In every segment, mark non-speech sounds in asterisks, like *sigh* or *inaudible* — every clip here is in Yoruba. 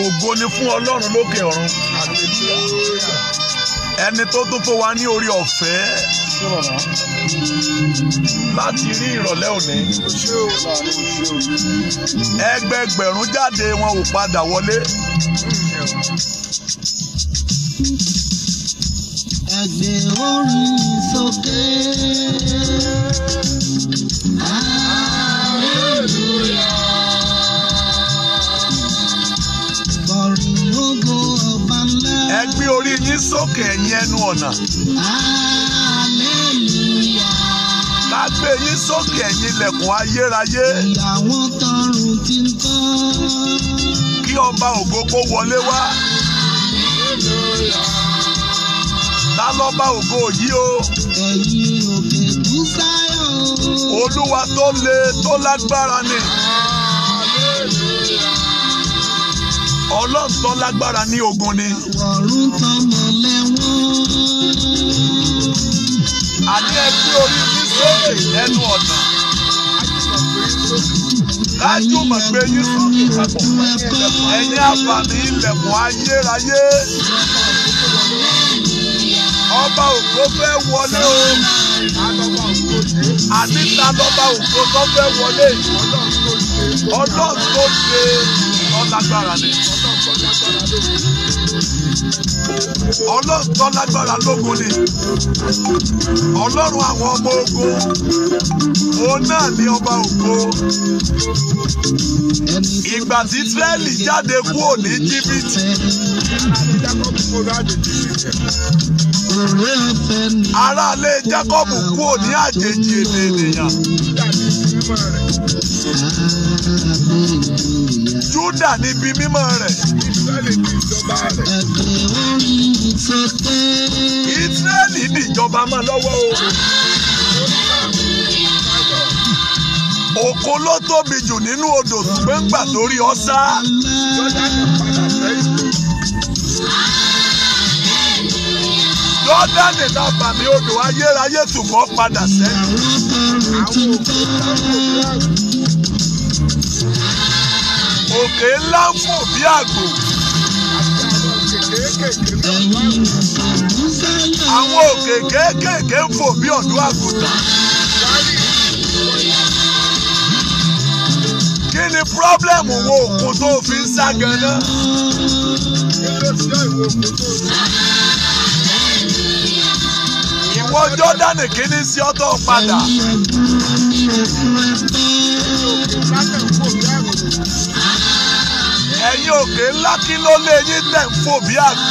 ògo ni fún ọlọ́run lókè ọ̀run ẹni tó tún fún wa ní orí ọ̀fẹ́ láti rí ìrọ̀lẹ́ òní ẹgbẹgbẹ̀rún jáde wọn ò padà wọlé ẹgbẹ́ orin sókè. orí yín sókè ẹ̀yin ẹnu ọ̀nà. Ká yín sókè ẹ̀yin ilẹ̀kùn ayérayé. Ìyàwó tọrùn ti ń tán. Kí ọba ògo wọlé wá. Ta lọ́ba ògo o. Ẹ̀yin òkè Búsáyọ̀. Olúwa tó le tó lágbára ni. Àmín. ọlọ́run tó lágbára ní ogun ni. ọ̀run tọmọ lẹ́wọ̀n. àní ẹbí orí mi sókè lẹ́nu ọ̀nà. Lájú mọ̀ pé yín sókè papọ̀. Ẹ̀yin ilẹ̀kùn ayérayé. Ọba ògo fẹ́ wọlé o. Àní lọ́ba ògo tó fẹ́ wọlé. Ọlọ́run ṣe ọlágbára ni ọlọ́run tó lágbára lógun ni ọlọ́run àwọn ọmọ ogun òun náà ni ọba ògo ìgbà tí Ísírẹ́lì jáde kúrò ní Íjíbítì aráalé Jákọ́bù kúrò ní àjèjì èdè ènìyàn. Júdà ni ibi mímọ́ rẹ̀. Ísírẹ́lì ni ìjọba rẹ̀. Ísírẹ́lì ni ìjọba máa lọ́wọ́ o. Òkun ló tóbi jù nínú odò ṣùgbọ́n ń gbà lórí ọ̀sá. Jọ́dánì náà bàmí odò ayérayé ṣùgbọ́n padà sẹ́yìn òkè ńlá ń fò bí àgbò. àwọn òkè kéékèèké ń fò bí ọ̀dọ́ àgùntàn. kí ni pírọ́blẹ̀mù wo òkun tó fi ń sá ganan? ìwọ jọ́dánì kí sí ọ́tọ̀ padà? ẹ̀yin òkè ńlá kí ló lé yín tẹ̀ ń fò bí àgbò.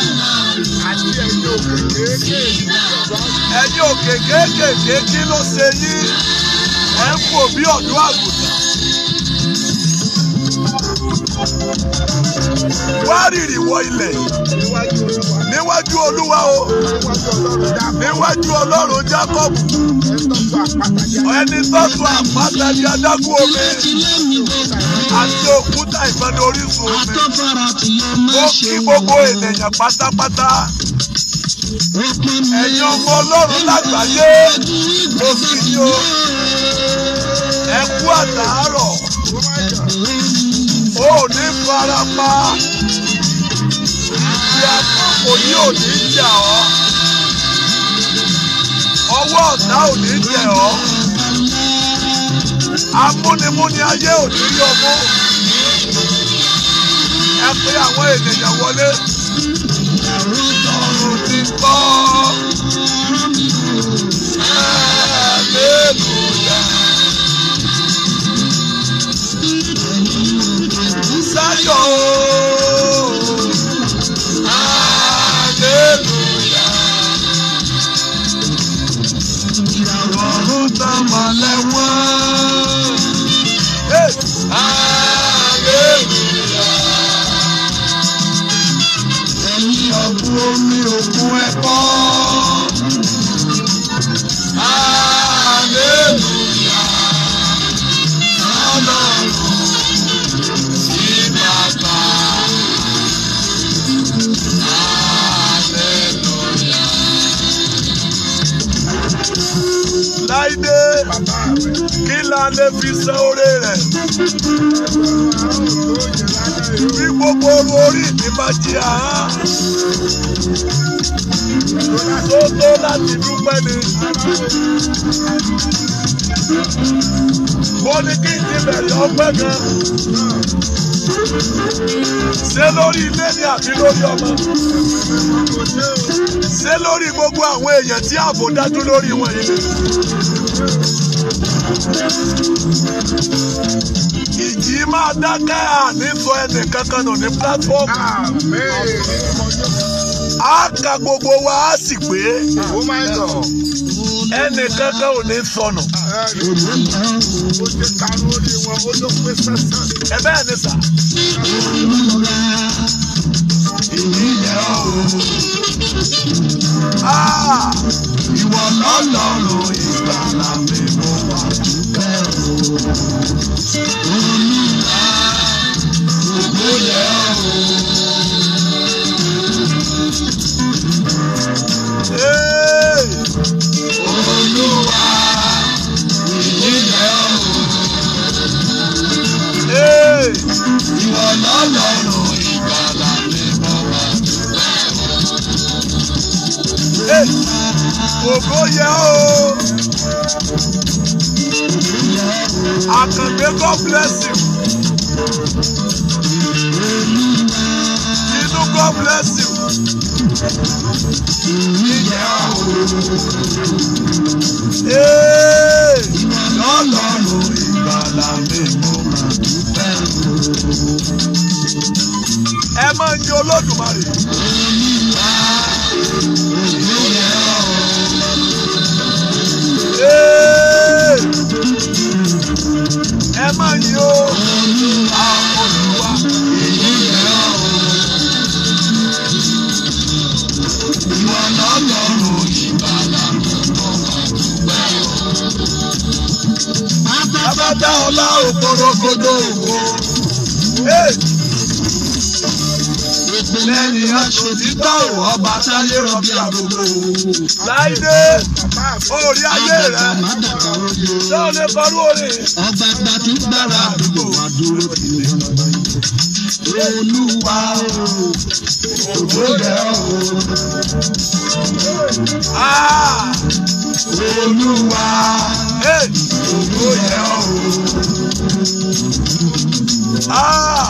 ẹ̀yin òkè kéékèèké kí ló ṣe yín ẹ̀ ń fò àgùntàn wá rìrì wọ ilẹ̀ níwájú olúwa o níwájú ọlọ́run jacob ẹni tọ́tù àpáta ní adágún omi àti òkúta ìfẹ́ni orísun omi ó kí gbogbo ènìyàn pátápátá ẹ̀yin ọmọ ọlọ́run lágbàáyé mo kí ni o ẹ kú àtàárọ̀ ò ní fara pa ìyá kò ní ò ní jà ọ́ ọwọ́ ọ̀tá ò ní tẹ̀ ọ́ amúnimúni ayé ò ní yọ mú ẹ pé àwọn ènìyàn wọlé lọ́rùn ti gbọ́ ẹ̀ẹ́dẹ́gbẹ̀rún. láyọ̀ aleluya. ìràwọ̀ ń tàn mọ́lẹ̀ wọ́n. lè fi san oore rẹ̀. Bí gbogbo oru orí mi bá di àá. Tó tó láti dúpẹ́ ni. Mo ní kí n ti bẹ̀rẹ̀ ọpẹ́ kan. Ṣé lórí ilé ni àbí lórí ọmọ? Ṣé lórí gbogbo àwọn èèyàn tí ààbò dájú lórí wọn yìí? ìjì máa dákẹ́ àníṣọ ẹnì kankan nù ní platform. a ka gbogbo wa a sì pé ẹnì kankan ò ní sọnù. ẹ bẹ́ẹ̀ ni sà. Ah! Ìwọ lọ́lọ́run ìgbàlà mi olúwa ògbó yẹ o. olúwa ìyí yẹ o. ìwọ lọ́lọ́run ìgbàlà mi bọ̀ wá dúpẹ́ o. o. Akande, God bless you. Inú, God bless you. Ìyá o. Lọ́lọ́run ìgbàlà mi mo máa dúpẹ́ o. Ẹ máa ń yin Olódùmarè. ẹ má yí o àpòlùwà èyí rẹ̀ o. ìwọ lọ́lọ́run ìbàlá ọmọ àdúgbò o. abájá ọlá òkòròkòdó òwò. ìpínlẹ̀ ni aṣòfin gbọ́ ọba táyé rọ̀bì àdúgbò. láìdé orí ayé rẹ ṣé o lè kọrú orí. ọba gbàtú gbára àdúgbò wa dúró kí ni wọn bá yẹ. olúwa òjò rẹ o. Ah. olúwa òjò rẹ o. Ah.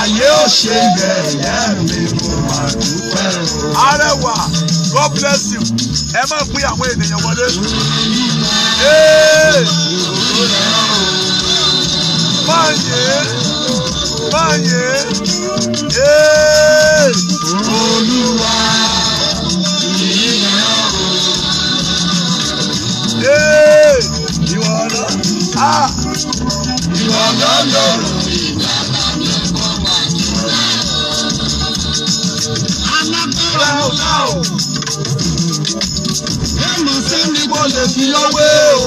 ayé ò ṣe yẹ̀yẹ́ mi mo máa dúpẹ́ o. arẹwà. God bless you ẹ máa pín àwọn ènìyàn wọlé. máa yé máa yé olúwa ìyẹn ọ̀rọ̀. ìwọ lọ ah! ìwọ lọ lọrọ. now, now. Ẹ̀mú sẹ́ni kò lè fi lọ́wé o.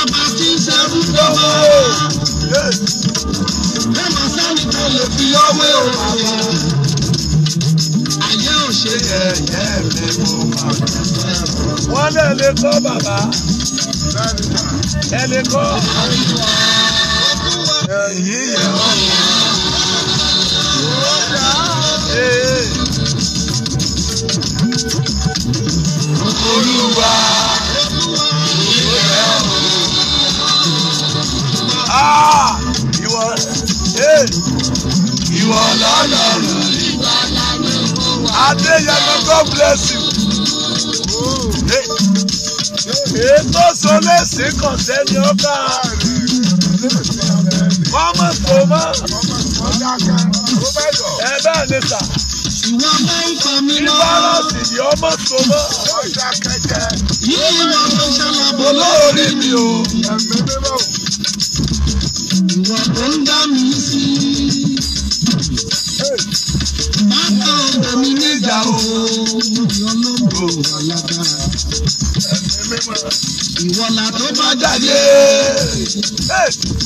Ọba tí ń ṣerú lọ́wọ́. Ẹ̀mú sẹ́ni kò lè fi lọ́wé o. Ayé ò ṣe yẹ̀yẹ́ mi mo máa bẹ̀rẹ̀. Wọ́n lè lè kọ́ bàbá. Ẹ lè kọ́. Èyí yẹ̀ wọ́n yẹ̀. olúwa ìfẹ́ ah, o. ìwọ eh, ìwọ lọ́lọ́run. Adéyẹmọ God bless you. Ètò oh, eh, eh, sọlẹ́sì kọ̀sẹ́ ni ó bá rìn. Mọ́mọ́ kò mọ́. Ẹ bẹ́ẹ̀ ni sà. Ìwọ máa ń fa mi lọ. Ìbárasì ni ọmọ tó mọ́. Ọjà kẹjẹ. Yíyí wa ló ṣẹlẹ̀ bọ̀ lórí mi o. Ẹ̀mí mímọ́. Ìwọ tó ń dá mi sí. Bàbá ọ̀dọ̀ mi níjà o. Ọlọ́mọ alágbára. Ìwọ là tó bá jáde.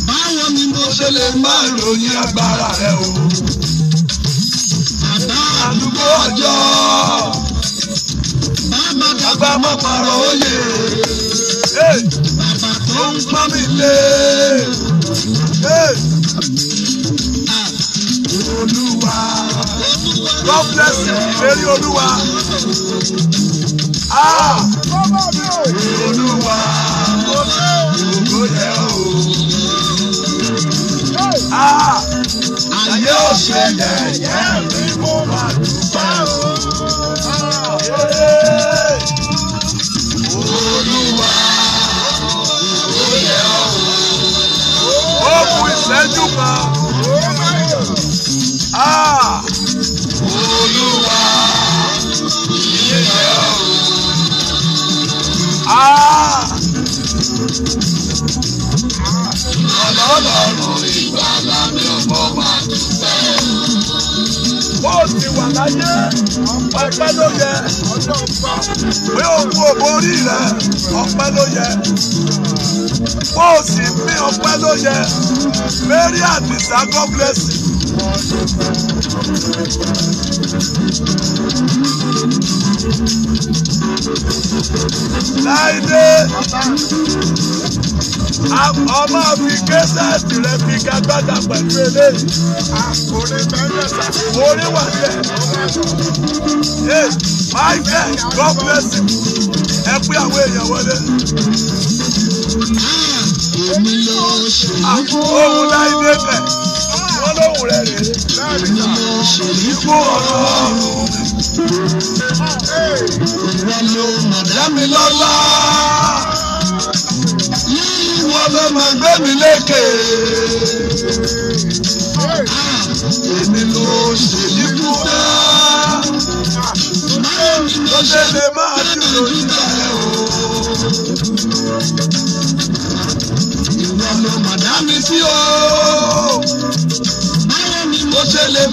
Báwo ni mo ṣe lè máa ròyìn agbára rẹ o? àdúgbò ọjọ́ bàbá dàgbà má pààrọ̀ òye bàbá tó ń pa mí lé. Olúwa God bless you ìlérí Olúwa. Ah. Olúwa ògo Ah! yóò ṣẹlẹ̀ yẹ́ mi mo máa dúpẹ́ o. Olúwa ó yẹ ọ́. Ó kù ìṣẹ́jú kan. Olúwa yẹ ọ́. Ọlọ́run ìgbàlà mi ò máa bó o ti wà láyé ọpẹ́ ló yẹ pé o kú òbó orí rẹ ọpẹ́ ló yẹ bó o sì mí ọpẹ́ ló yẹ Mary Adisa God bless you láìdé ọmọ fi kẹsàtì rẹ fi gagbada pẹ̀lú eléyìí orí wà dẹ michael god bless you ẹ pé àwọn èèyàn wọlé. ohun láìdé bẹ́ẹ̀ wọ́n lóhùn rẹ̀ rè ikú ọ̀rọ̀ lẹ́mi lọ́lá wọ́n fẹ́ máa gbé mi lékè.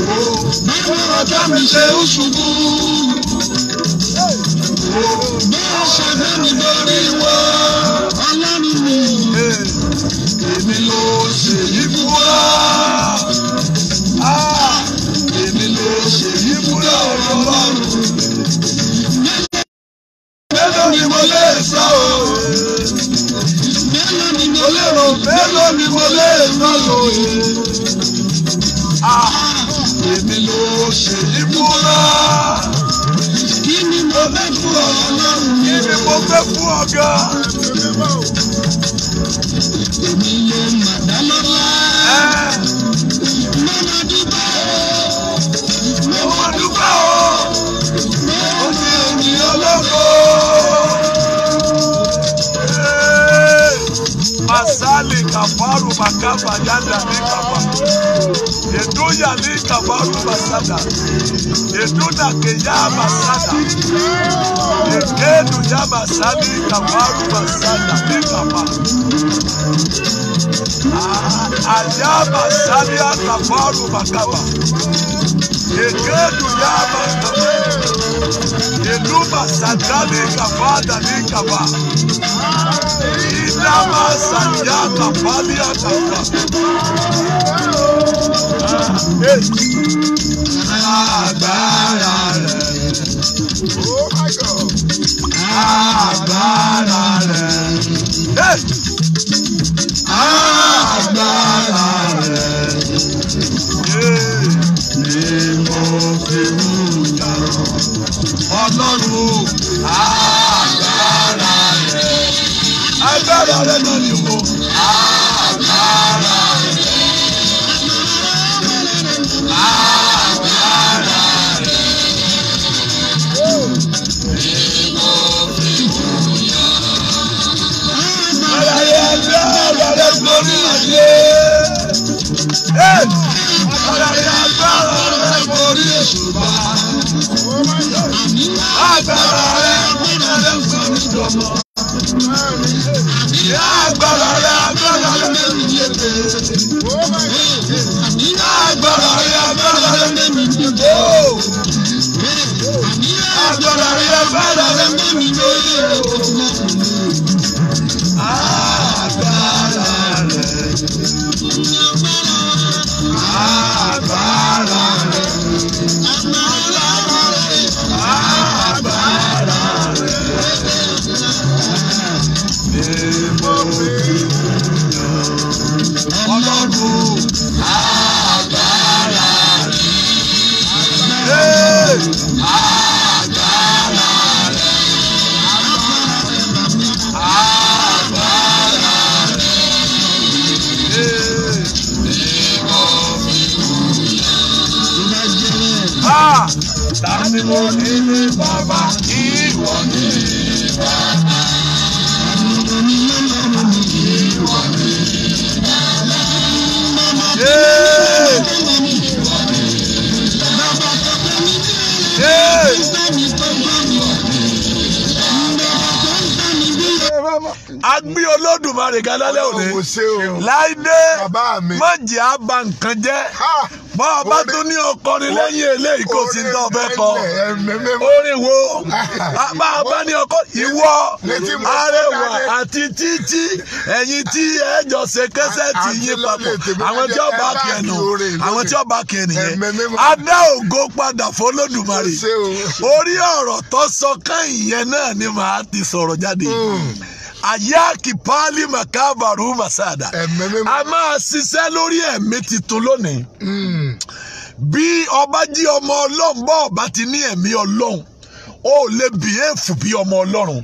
nínú ọjọ́ mi ṣe ń ṣubú. Bí o ṣe gbé mi lórí wá, ọlọ́run mi, èmi ló ṣe yí fún wa. Ah, èmi ló ṣe yí fún ọlọ́run. basata yetuta ke ya basata yekedu ya basabi kafaru basata bikapa aya ah, basabi akafaru bakapa yekedu ya basata yetuba satani kafada bikapa inama sanya kafali akapa ah, Hey! agbára rẹ̀. agbára rẹ̀. agbára rẹ̀. ni mo fi ń ta ọlọ́run agbára rẹ̀. agbára rẹ̀ náà ni. Àgbàrá agbára rẹ̀ borí èṣùbà. Agbára rẹ̀ agbára rẹ̀ fún mi dọ̀mọ́. Ìyá agbára rẹ̀ agbára rẹ̀ mẹ́rin yéte. Ìyá agbára rẹ̀ agbára rẹ̀ Tani mo ní ní bàbá? Ìwọ ní bàbá. Ìwọ bọ́ ọba tó ní ọkọrin lẹ́yìn eléyìí kò sí tó ọbẹ̀ kọ orin wo bá a bá ní ọkọ ìwọ arẹwà àti títí ẹ̀yin tí ẹ jọ ṣe kẹsẹ̀ tì yín papọ̀ àwọn tí ọba kì ẹ̀ nù àwọn tí ọba kì ẹ̀ adá ògo padà fọlọ́dùmarè orí ọ̀rọ̀ tó sọ káyìn yẹn náà ni màá ti sọ̀rọ̀ jáde. Hmm àyà kìpáálì màkàbàrú màsáàdà a máa ṣiṣẹ́ lórí ẹ̀mí titun lónìí hmm. bí ọba jí ọmọ ọlọ́run bọ́ ọba ti ní ẹ̀mí ọlọ́run ó lè bìhéèfù bí ọmọ ọlọ́run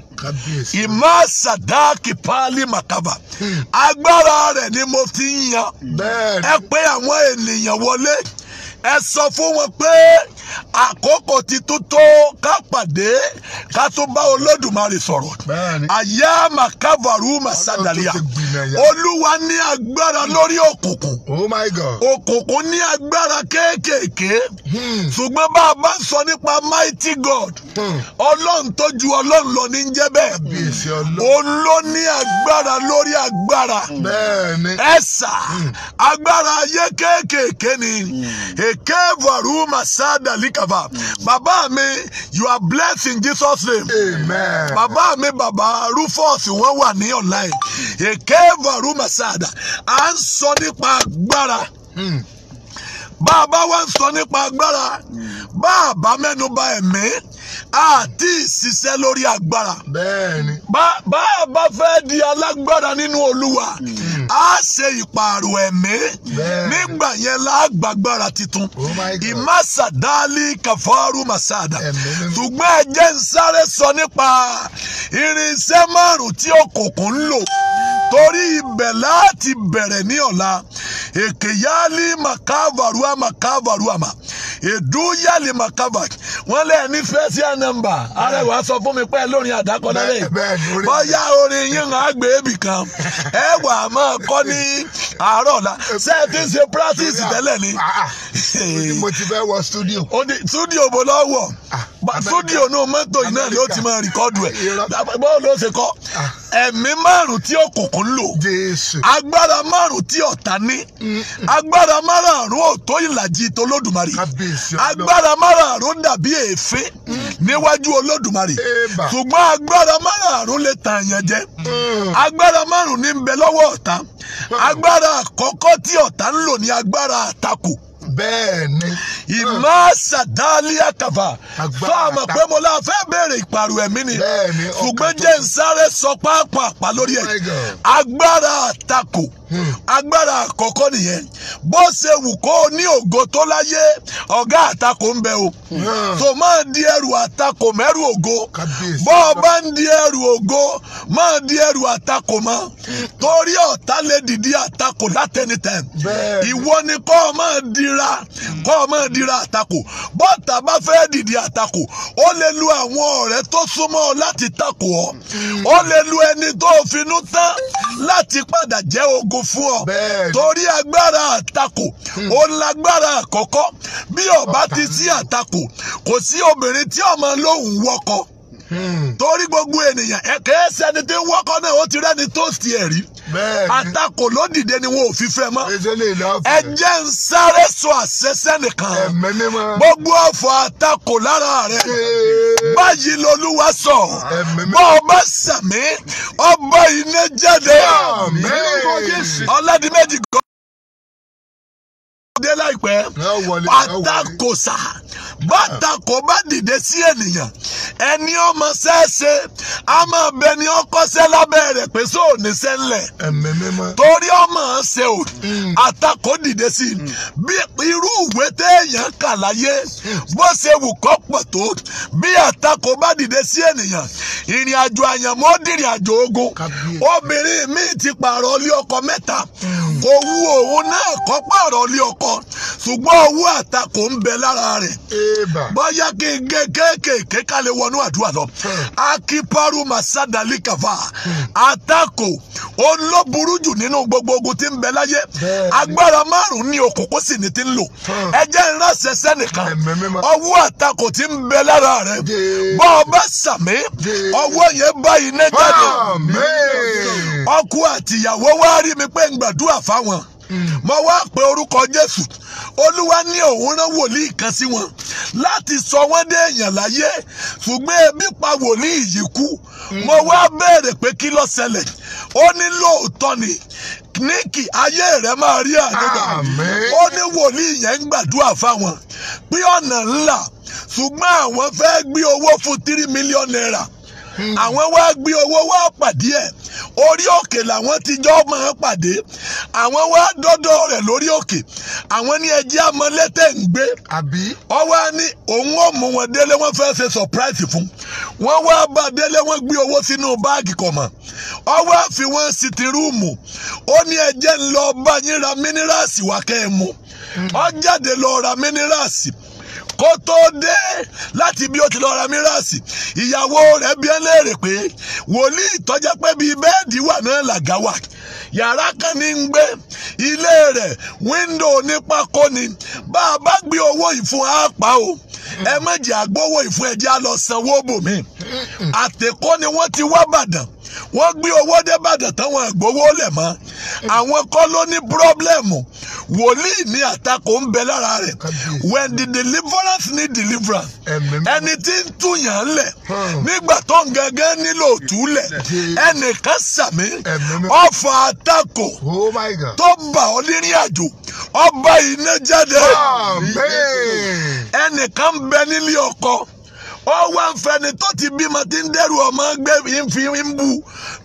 ìmọ̀ sàdáàkì páálí màkàbà hmm. agbára rẹ̀ ni mo ti ń yan ẹ pé àwọn ènìyàn wọlé ẹ sọ fún wọn pé àkókò ti tún tó ká pàdé ká tún bá olódùmarè sọ̀rọ̀ àyà màkàbàrú màsàdàlíà olúwa ní agbára lórí òkùnkùn oh òkùnkùn ní agbára kéékèèké hmm. ṣùgbọ́n bá a bá sọ nípa mighty god hmm. ọlọ́run tó ju ọlọ́run lọ ní jẹ́ bẹ́ẹ̀ òun ló ní agbára lórí agbára ẹ̀sà hmm. agbára ayé kéékèèké ni ekevaru masada likava bàbá mi you are blessed in Jesus name amen Baba mi Baba, Rufus wọ́n wà ní online ekevaru masada à ń sọ nípa agbára. Mm bá a bá wá ń sọ nípa agbára bá a bá mẹ́nu bà ẹ̀mí àti ìṣiṣẹ́ lórí agbára. bẹ́ẹ̀ni. bá a bá fẹ́ di alágbára nínú Olúwa. Hmm a ṣe ìpààrọ̀ ẹ̀mí nígbà yẹn lágbàgbára titun oh ìmásàdálì kàfọ́rù màsàdà ṣùgbọ́n ẹ jẹ́ ń sáré sọ nípa irinṣẹ́ márùn-ún tí òkùnkùn ń lò. torí ibẹ̀ láti bẹ̀rẹ̀ ní ọ̀la èkèyálì màkàvàrúà màkàvàrúàmà èdúyàlì màkàvà wọ́n lé ní fẹ́síà nọ́mbà arẹwà sọ fún mi pé lórin àdákọ́lẹ́lẹ́ bọ́yá orin yín hàn àgbèébì kan ẹ wà á máa kọ́ ní àárọ̀ ọ̀la ṣé ti ń ṣe practice tẹ́lẹ̀ ni. Ah, ah. mo wọ studio. studio bó lọ wọ studio náà mọ́tò yìí náà ni ó ti máa rìkọ́dù ẹ̀ ah, ẹ̀mí márùn tí òkùnkùn lò agbára márùn tí ọ̀tá ní agbára márùn ò tó ìlàjì tó lódùmarè agbára márùn dàbí èéfín níwájú olódùmarè ṣùgbọ́n agbára márùn lè tàn yàn jẹ mm. agbára márùn ní ni bẹ lọ́wọ́ ọ̀tá mm. agbára àkọ́kọ́ tí ọ̀tá ń lò ní agbára àtakò. bẹ́ẹ̀ ni. ìmọ̀ sàdáàlìyà kàfà fáàmà pé mo la fẹ́ béèrè ìpàrọ̀ ẹ̀mí ni ṣùgbọ́n jẹ́ ń sáré sọ pápá lórí ẹ̀ oh agbára àtakò hmm. agbára àkọ́kọ́ nìyẹn bó ṣe wù kó o ní ògo tó láyé ọ̀gá àtakò ń bẹ o tó hmm. máa di ẹrù àtakò mẹ́rù ògo bó o bá ń di ẹrù ògo máa di ẹrù àtakò mọ́ hmm. torí ọ̀tá lè dìde àtakò látẹnitẹ ìwọ ni kó máa dira dira kọ́ ọ máa dira àtakò bọ́ọ̀tà bá fẹ́ dìde àtakò ó lè lu àwọn ọ̀rẹ́ tó súnmọ́ ọ láti takò ọ ó lè lu ẹni tó finú tán láti padà jẹ́ ogun fún ọ torí agbára àtakò ó lágbára àkọ́kọ́ bí ọba ti sí àtakò kò sí obìnrin tí ọmọ lóhùn wọkọ hmm. torí gbogbo ènìyàn ẹ̀kẹ́ ẹ̀sẹ̀ ẹni tí ń wọ́kọ́ náà ó ti rẹ́ni tó sì ẹ̀rí àtakò ló dìde ni wọn ò fi fẹ́ mọ́ ẹ jẹ́ ń sáré sọ àṣẹṣẹ́ nìkan gbogbo ọ̀fọ̀ àtakò lára rẹ báyìí lolúwa sọ bọ́ ọ sàmí ọba iná jáde ọládìmẹ́jì gọ́dọ̀ àtakò sáà. bàtà kò bá dìde sí ènìyàn ẹni ọmọ sẹ́ẹ̀sẹ̀ a máa bẹ ni ọ lábẹ́ rẹ̀ pé sọ oníṣẹ́ ńlẹ̀ torí ọmọ ṣe ò mm. àtakò dìde sí i irú ìwé téèyàn kà láyé bó ṣe wù kọ́ pọ̀ tó bí dìde sí ènìyàn ìrìn àjò àyànmọ́ dìrìn àjò ogun obìnrin mi ti pààrọ̀ ọkọ mẹ́ta mm. kò òun náà kọ́ pààrọ̀ ọkọ ṣùgbọ́n owó bóyá kí n gé kéékèèké ká wọnú àdúrà lọ hmm. akiparu masadali kava atako olóburú jù nínú gbogbo ogun tí ń bẹ láyé agbára márùn ní òkòkò sì ní ti ń lò hmm. ẹjẹ ìránṣẹ́ sẹ́nìkan ọwọ́ àtakò tí ń bẹ lára rẹ bọ ọba sàmì ọwọ́ yẹn bá iná jáde ọkọ àtìyàwó wá rí mi pé ń gbàdúrà fáwọn mo wá pe orúkọ jésù olúwa ní òun rán wòlíì kan sí wọn láti sọ wọ́n dé èèyàn láyé ṣùgbọ́n ebi pa wòlíì yìí kú mo wá béèrè pé kí ló ṣẹlẹ̀ ó ní lóòótọ́ ni níkì ayé rẹ máa rí àdúgbò ó ní wòlíì yẹn ń gbàdúrà fáwọn pé ọ̀nà ńlá ṣùgbọ́n àwọn fẹ́ gbé owó fún tírí mílíọ̀nù náírà àwọn wá gbé owó wá pàdé ẹ̀ orí òkè làwọn ti jọ máa pàdé àwọn wá dọ́dọ̀ rẹ̀ lórí òkè àwọn ní ẹjẹ́ amọ̀lẹ́tẹ̀ ń gbé ọwọ́ ni òun ò mú wọn délé wọn fẹ́ ṣe surprise fún wọn wá bá délé wọn gbé owó sínú báàgì kọ̀mọ̀ ọwọ́ fi wọ́n sìtì rúùmù ó ní ẹjẹ́ ń lọ bá yín ra mínírààsì wákẹ́ ẹ̀ mu ọ hmm. jáde lọ ra mínírààsì. kó tó dé láti bí ó ti lọ ra mírasì ìyàwó rẹ̀ bi ẹ́ léèrè pé wòlíì tọ́já pé bíi bẹ́ẹ̀dì wà náà làgá wà yàrá kan ní ń gbé ilé rẹ̀ wíńdò ni bá a bá gbé owó ìfún àpá o ẹ méjì àgbówó ìfún ẹ̀jẹ̀ á lọ sanwó bòmí àtẹ̀kọ́ ni wọ́n ti wá bàdàn wọ́n gbé owó débàdàn táwọn àgbowó lẹ̀ mọ́ mm. àwọn kọ́ ló ní pírọ́blẹ́mù wòlíì ní àtakò ń bẹ lára rẹ̀ when the deliverance need deliverance ẹni tí ń túyàn lẹ̀ hmm. nígbà tó ń gangan nílò òtúlẹ̀ ẹnìkan sàmì ọ̀fà àtakò oh tó bà ọ́ lérí àjò ọba iná jáde ẹnìkan bẹ nílé ọkọ ọwọ́ àǹfẹ̀ni tó ti bímọ ti ń dẹ́rù ọmọ gbé fi ń bu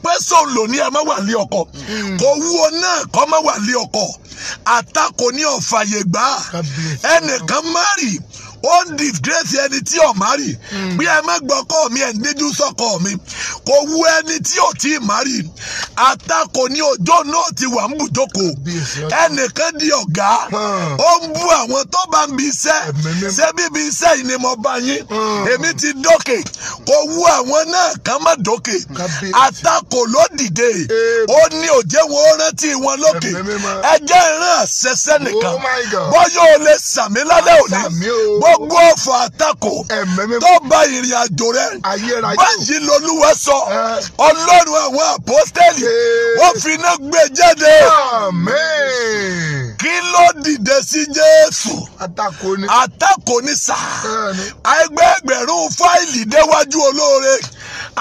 pé sóun lò ní ọmọ wà lé ọkọ mm. kò wú ọ náà kọ́ ọmọ wà lé ọkọ àtakò ní ọ̀fàyè ẹnìkan márì ó ń disgrace ẹni tí ò má rì hmm. bí ẹ má gbọ́kọ́ mi ẹ̀ ń díjú sọ́kọ́ mi kò wu ẹni tí ò tí ì má rì àtakò ní ọjọ́ náà ti wà ń bùjókòó ẹnìkan di ọ̀gá hmm. ó ń bú àwọn tó bá ń bi iṣẹ́ ṣé bíbi iṣẹ́ yìí ni mo bá yín hmm. èmi ti dókè kò wu àwọn náà kàn má dókè àtakò ló dìde ó ní òjé wọn rántí wọn lókè ẹjẹ́ ìran àṣẹṣẹ́ nìkan oh bọ́yọ̀ ò lè sàmí lálẹ́ òní bọ́ tọ́gbọ́ ọ̀fọ̀ àtakò tọ́ba ìrìn àjò rẹ̀ báyìí lolúwa sọ ọlọ́run àwọn àpọ́stẹ́lì wọ́n fi iná gbé e jáde kí ló dìde sí jésù àtakò ní sà ẹgbẹ́gbẹ̀rún fáìlì déwájú olóore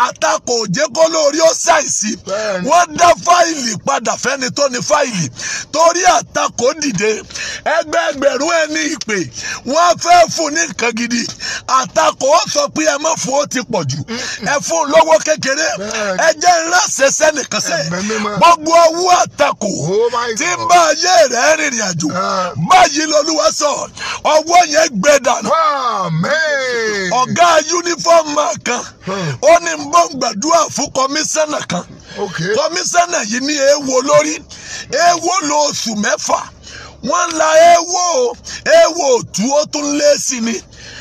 àtakò jẹ́kọ́lórí ó ṣàìsí wọ́n dá fáìlì padà fẹ́ni tó ní fáìlì torí àtakò dìde ẹgbẹ́gbẹ̀rún ẹni ìpè wọ́n fẹ́ fún. fún ní nǹkan gidi àtakò ó sọ pé ẹ má fún ó ẹ lọ́wọ́ kékeré ẹ jẹ́ sẹ́nìkan sẹ́ gbogbo àtakò oh tí ń ah. bá sọ ọwọ́ yẹn gbẹ dànù ọ̀gá yúnífọ́ọ̀mù kan hmm. ó ní ń bọ́ wọ́n ń la ewo ewo òtún ó tún lé sí ni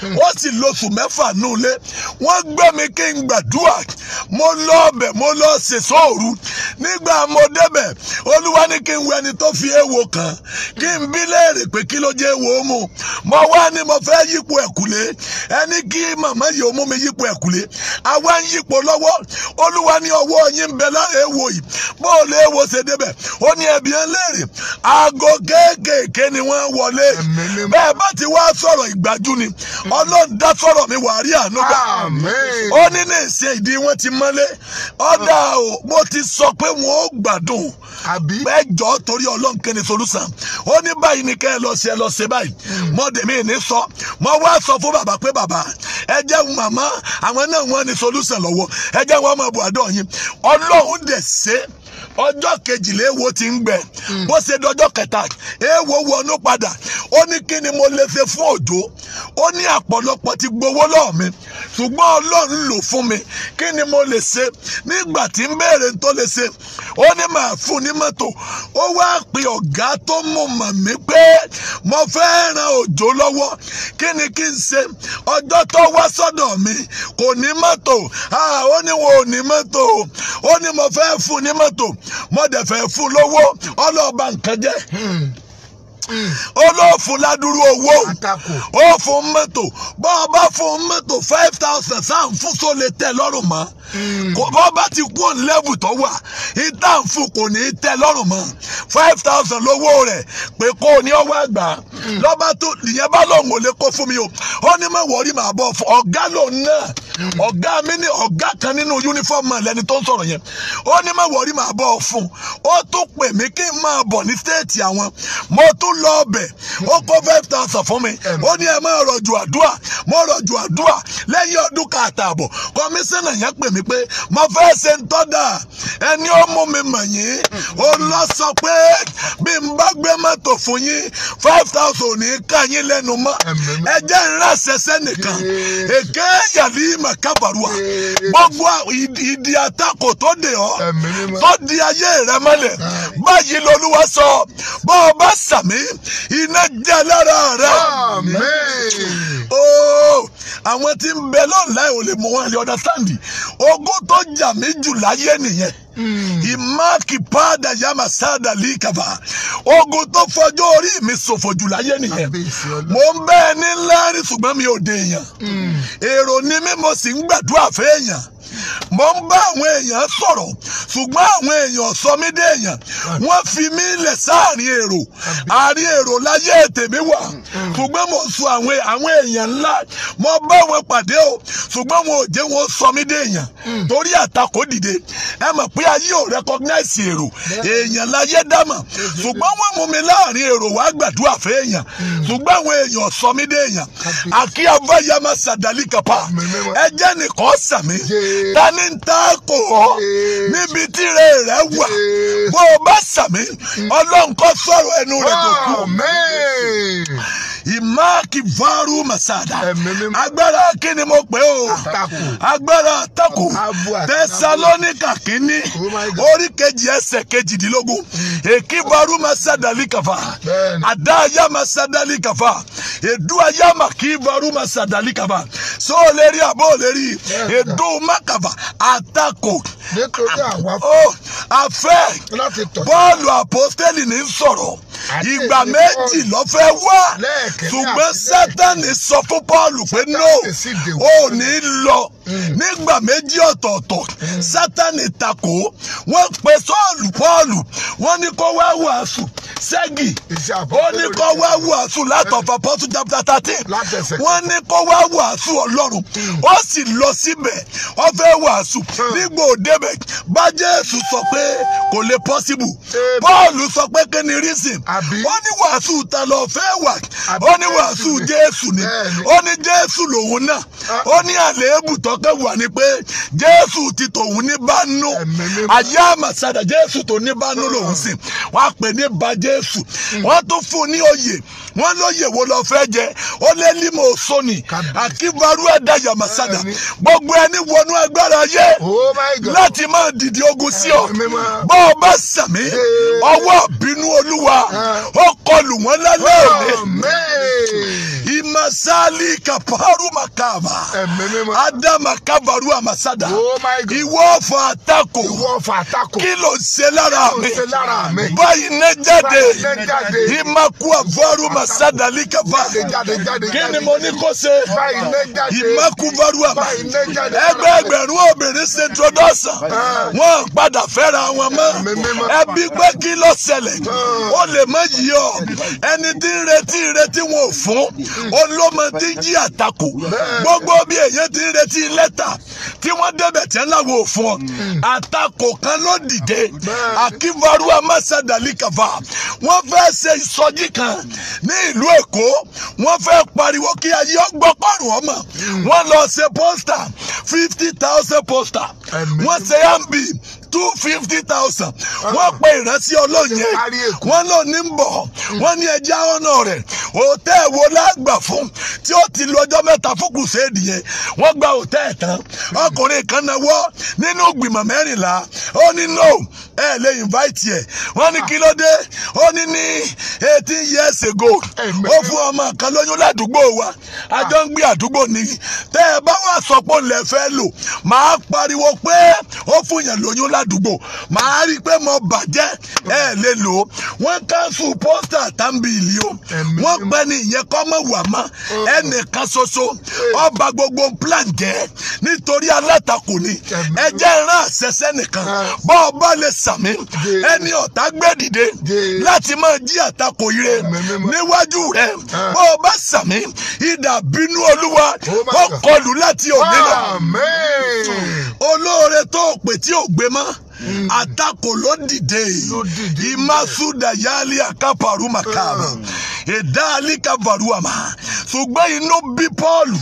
wọ́n sì lo oṣù mẹ́fà nulẹ wọ́n gbé mi kí n gbàdúrà mo lọ ọbẹ mo lọ sèso òru nígbà mo débẹ̀ olúwa ní kí n wo ẹni tó fi ewo kan kí n bí léèrè pé kí ló jẹ́ ewo mu mo wá ní mo fẹ́ yípo ẹ̀kúlé ẹni kí màmá yìí ó mú mi yípo ẹ̀kúlé àwa ń yípo lọ́wọ́ olúwa ní ọwọ́ yín bẹ lára ewo yìí bó o lè ewo ṣe débẹ̀ ó ní ẹ̀bí ẹ léèrè aago kéèké kéékèèké ni wọ́n wọlé bẹ́ẹ̀ bá ti wá sọ̀rọ̀ ìgbájú ni ọlọ́run sọ̀rọ̀ mi wàá rí àánú ó ní ní ìṣe ìdí wọn ti mọ́lé ọ̀dà o mo ti sọ pé wọn ó gbádùn ẹjọ́ torí ọlọ́run solúsàn ó ní báyìí ni kẹ́ ẹ lọ ṣe ẹ lọ ṣe báyìí mọ́dẹ̀mí hmm. ní sọ mo wá sọ fún bàbá pé bàbá ẹ jẹ́ màmá àwọn náà wọ́n ní solúsàn lọ́wọ́ ẹ jẹ́ wọ́n máa bù àdó yín ọlọ́run dẹ̀ ṣe é ọjọ́ kejìlá èwo ti ń gbẹ bó ṣe dọjọ́ kẹta èwo wọnú padà ó ní kí ni mo lè ṣe fún òjò ó ní àpọ̀lọpọ̀ ti gbowó lọ́ọ̀ mi ṣùgbọ́n ọlọ́run lò fún mi kí ni mo lè ṣe nígbà tí ń béèrè tó lè ṣe ó ní màá fún ní mọ́tò ó wá pe ọ̀gá tó mọ̀ mọ̀ mí pé mo fẹ́ ran òjò lọ́wọ́ kí ni kí n ṣe ọjọ́ tó wá sọ́dọ̀ mi kò ní mọ́tò ó ní wọn ò ní mọ́tò ó ní mo fẹ́ fún ní mọ́tò mọ̀dẹ̀fẹ́ fún lówó ọlọ́ọ̀bá nǹkan jẹ́ olóòfun ládùúrú owó ó fún mọ́tò bá a bá fún mọ́tò five thousand sáà ń fún sólè tẹ́ lọ́rùn mọ́ hmm. kò bá bá ti kú òun tó wà ìta ń fún kò ní í tẹ́ lọ́rùn mọ́ five thousand lówó rẹ̀ pé kó o ní ọwọ́ àgbà hmm. lọ́ba tó ìyẹn bá lóun ò lè kó fún mi o ó ní mọ̀ wọ́rí màá bọ̀ ọ̀gá lòun náà ọ̀gá mi ní ọ̀gá kan nínú yúnífọ́ọ̀mù lẹni tó ń sọ̀rọ̀ yẹn ó ní má wọ̀rí màá bọ̀ fún ó tún pè mí kí n máa bọ̀ ní stéètì àwọn mo tún lọ ọbẹ̀ ó kó five thousand fún mi ó ní ẹ máa rọ̀jò àdúrà mo rọ̀jò àdúrà lẹ́yìn ọdún kan àtààbọ̀ kọmíṣánná yẹn pè mí pé mo fẹ́ ṣe ń tọ́dà ẹni ó mú mi mọ̀ yín ó lọ sọ pé bí n bá gbé mọ́tò fún yín five thousand ò ní ká yín lẹ́nu mọ́ ẹ jẹ́ ńlá ṣẹṣẹ́ nìkan èké yàrá mọ̀ kábàrúwà gbogbo ìdí àtakò tó dè ọ́ tó di ayé rẹ mọ́lẹ̀ báyìí lolúwa sọ bọ́ ọ bá sàmí iná jẹ́ lára rẹ. àwọn tí ń bẹ lọ́nà láì ò lè mú wọn lè ọ̀dà sáǹdì ogún tó jà mí jù láyé nìyẹn ìmáàkì pàdà yamasada likava. ogun tó fọjọ́ orí mi ṣòfò jù láyé nìyẹn mo ń bẹ́ẹ̀ ní láàrí ṣùgbọ́n mi ò dé èèyàn èrò ni mí mo sì ń gbàdúrà fẹ́ èèyàn mo ń bá àwọn èèyàn sọ̀rọ̀ ṣùgbọ́n àwọn èèyàn sọ mí dé èèyàn wọ́n fi mí lẹ̀ sáàrin èrò àárín èrò láyé tèmi wà mm. ṣùgbọ́n mo sọ àwọn èèyàn ńlá mo bá wọn pàdé o ṣùgbọ́n wọn ò jẹ́ wọn sọ mí dé èèyàn mm. torí àtakò dìde ẹ mọ̀ pé ayé ò recognize èrò èèyàn láyé dámà ṣùgbọ́n wọ́n mú mi láàrin èrò wá gbàdúrà fẹ́ èèyàn hmm. ṣùgbọ́n àwọn èèyàn sọ mí dé èèyàn àkí abáyámá sàdálì kapa ẹjẹ́ nìkan sàmì tani ń ta kò ọ́ níbi tí rẹ̀ rẹ̀ wà bó o bá sàmì ọlọ́run kọ́ sọ̀rọ̀ ẹnu rẹ̀ tó kú. ìmáàkì varu masada agbára kí mo pè o agbára tako tẹsalónìkà kínní oh orí kejì ẹsẹ̀ kejìdínlógún èkí varu masada likafa àdáyà masada likafa èdúayà màkì varu masada likafa so lérí àbó lérí èdú makava bọ́ọ̀lù àpọ́stẹ́lì ní sọ̀rọ̀ ìgbà méjì ló fẹ́ wá ṣùgbọ́n sátani sọ fún Pọ́ọ̀lù pé no ò ní lọ hmm. nígbà méjì ọ̀tọ̀ọ̀tọ̀ hmm. sátani takò wọ́n pe Sọ́ọ̀lù Pọ́ọ̀lù wọ́n ní kó wá wàásù sẹ́gì ó ní kó wá wàásù látọ̀fà pọ́tù chapter thirteen wọ́n ní kó wá wàásù ọlọ́run hmm. ó sì lọ síbẹ̀ ó fẹ́ wàásù nígbà òdebẹ̀ bá Jésù sọ pé kò lè possible Pọ́ọ̀lù sọ pé kí ni reason ó ní wàásù ta lọ fẹ́ wà ó ní wàásù jésù ni ó ní jésù lòun náà ah. ó ní àléébù tọ́kẹ́ wà ní pé jésù ti tòun ní bánú ayé àmàsàdà jésù tó ní bánú ah. lòun sì wọ́n á pè ní ba jésù hmm. wọ́n tún fún un ní oyè. wọ́n lóye wo lọ fẹ́ jẹ ó lé limo sóni àkíbarú ẹ̀dá yamasada gbogbo ẹni wọnú agbára yẹ oh láti máa dìde ogun sí ọ bọ́ ọ bá sàmì ọwọ́ bínú olúwa ah. ó kọlù wọ́n lálẹ́ òní imasali kaparu makava adama kabaru amasada ìwọ fà àtakò kí ló mi báyìí ne jáde imaku avaru masadali kava kí mo ní kó ṣe imaku varu ama ẹgbẹẹgbẹ̀rún obìnrin ṣe introduction ah. wọn padà fẹ́ra wọn mọ́ ẹbí pé kí ló ah. ó lè mọ yìí ọ ẹni tí ń retí retí wọn ò fún ọlọ́mọ tí jí àtakò gbogbo bí èyí ti ń retí lẹ́tà tí wọ́n débẹ̀ tí ń láwọ òfin ọ àtakò kan ló dìde akínfarú amásádàlíkàfà wọ́n fẹ́ ṣe ìsọjí kan ní ìlú Èkó wọ́n fẹ́ pariwo kí ayé ọgbọ́pọ̀rọ̀ ọmọ wọ́n lọ ṣe pósítà fifty thousand pósítà wọ́n ṣe yambi two fifty thousand wọ́n pe ìrántí ọlọ́run yẹn wọ́n lò ní bọ̀ wọ́n ní ẹja ọ̀nà rẹ̀ òtẹ́ wo lágbà fún tí ó ti lọ́jọ́ mẹ́ta fún kùsẹ́ẹ̀dì yẹn wọ́n gba òtẹ́ tán ọkùnrin kan náwó nínú ìgbìmọ̀ mẹ́rìnlá ó ní no. ẹ lè invite yẹ wọn ní ah. kí ló dé ó ní ní eighteen years ago ó fún ọmọ kan lóyún ládùúgbò wa a ń àdúgbò ní tẹ ẹ bá wà sọpọ ńlẹ fẹ lò máa pariwo pé ó fún yẹn lóyún ládùúgbò máa rí i pé mo bàjẹ́ ẹ lè lò ó wọn o wọn ní ìyẹn mọ́ ẹnìkan ṣoṣo ọba gbogbo plan jẹ nítorí alátakò ni ẹ jẹ́ àṣẹṣẹ́ nìkan ah. bọ́ọ̀ bá lè sàmì ẹni ọ̀tá gbé dìde láti máa jí àtakò ire níwájú rẹ ah. bó o bá sàmì idà bínú olúwa oh ó kọlù láti òde lọ olóore tó o pè tí o gbé mọ́ hmm. àtakò ló dìde ìmásúdà yálé àkàpàrú màkàrà ah. ìdá àlíkàbàrú àmà ṣùgbọ́n inú bí Pọ́ọ̀lù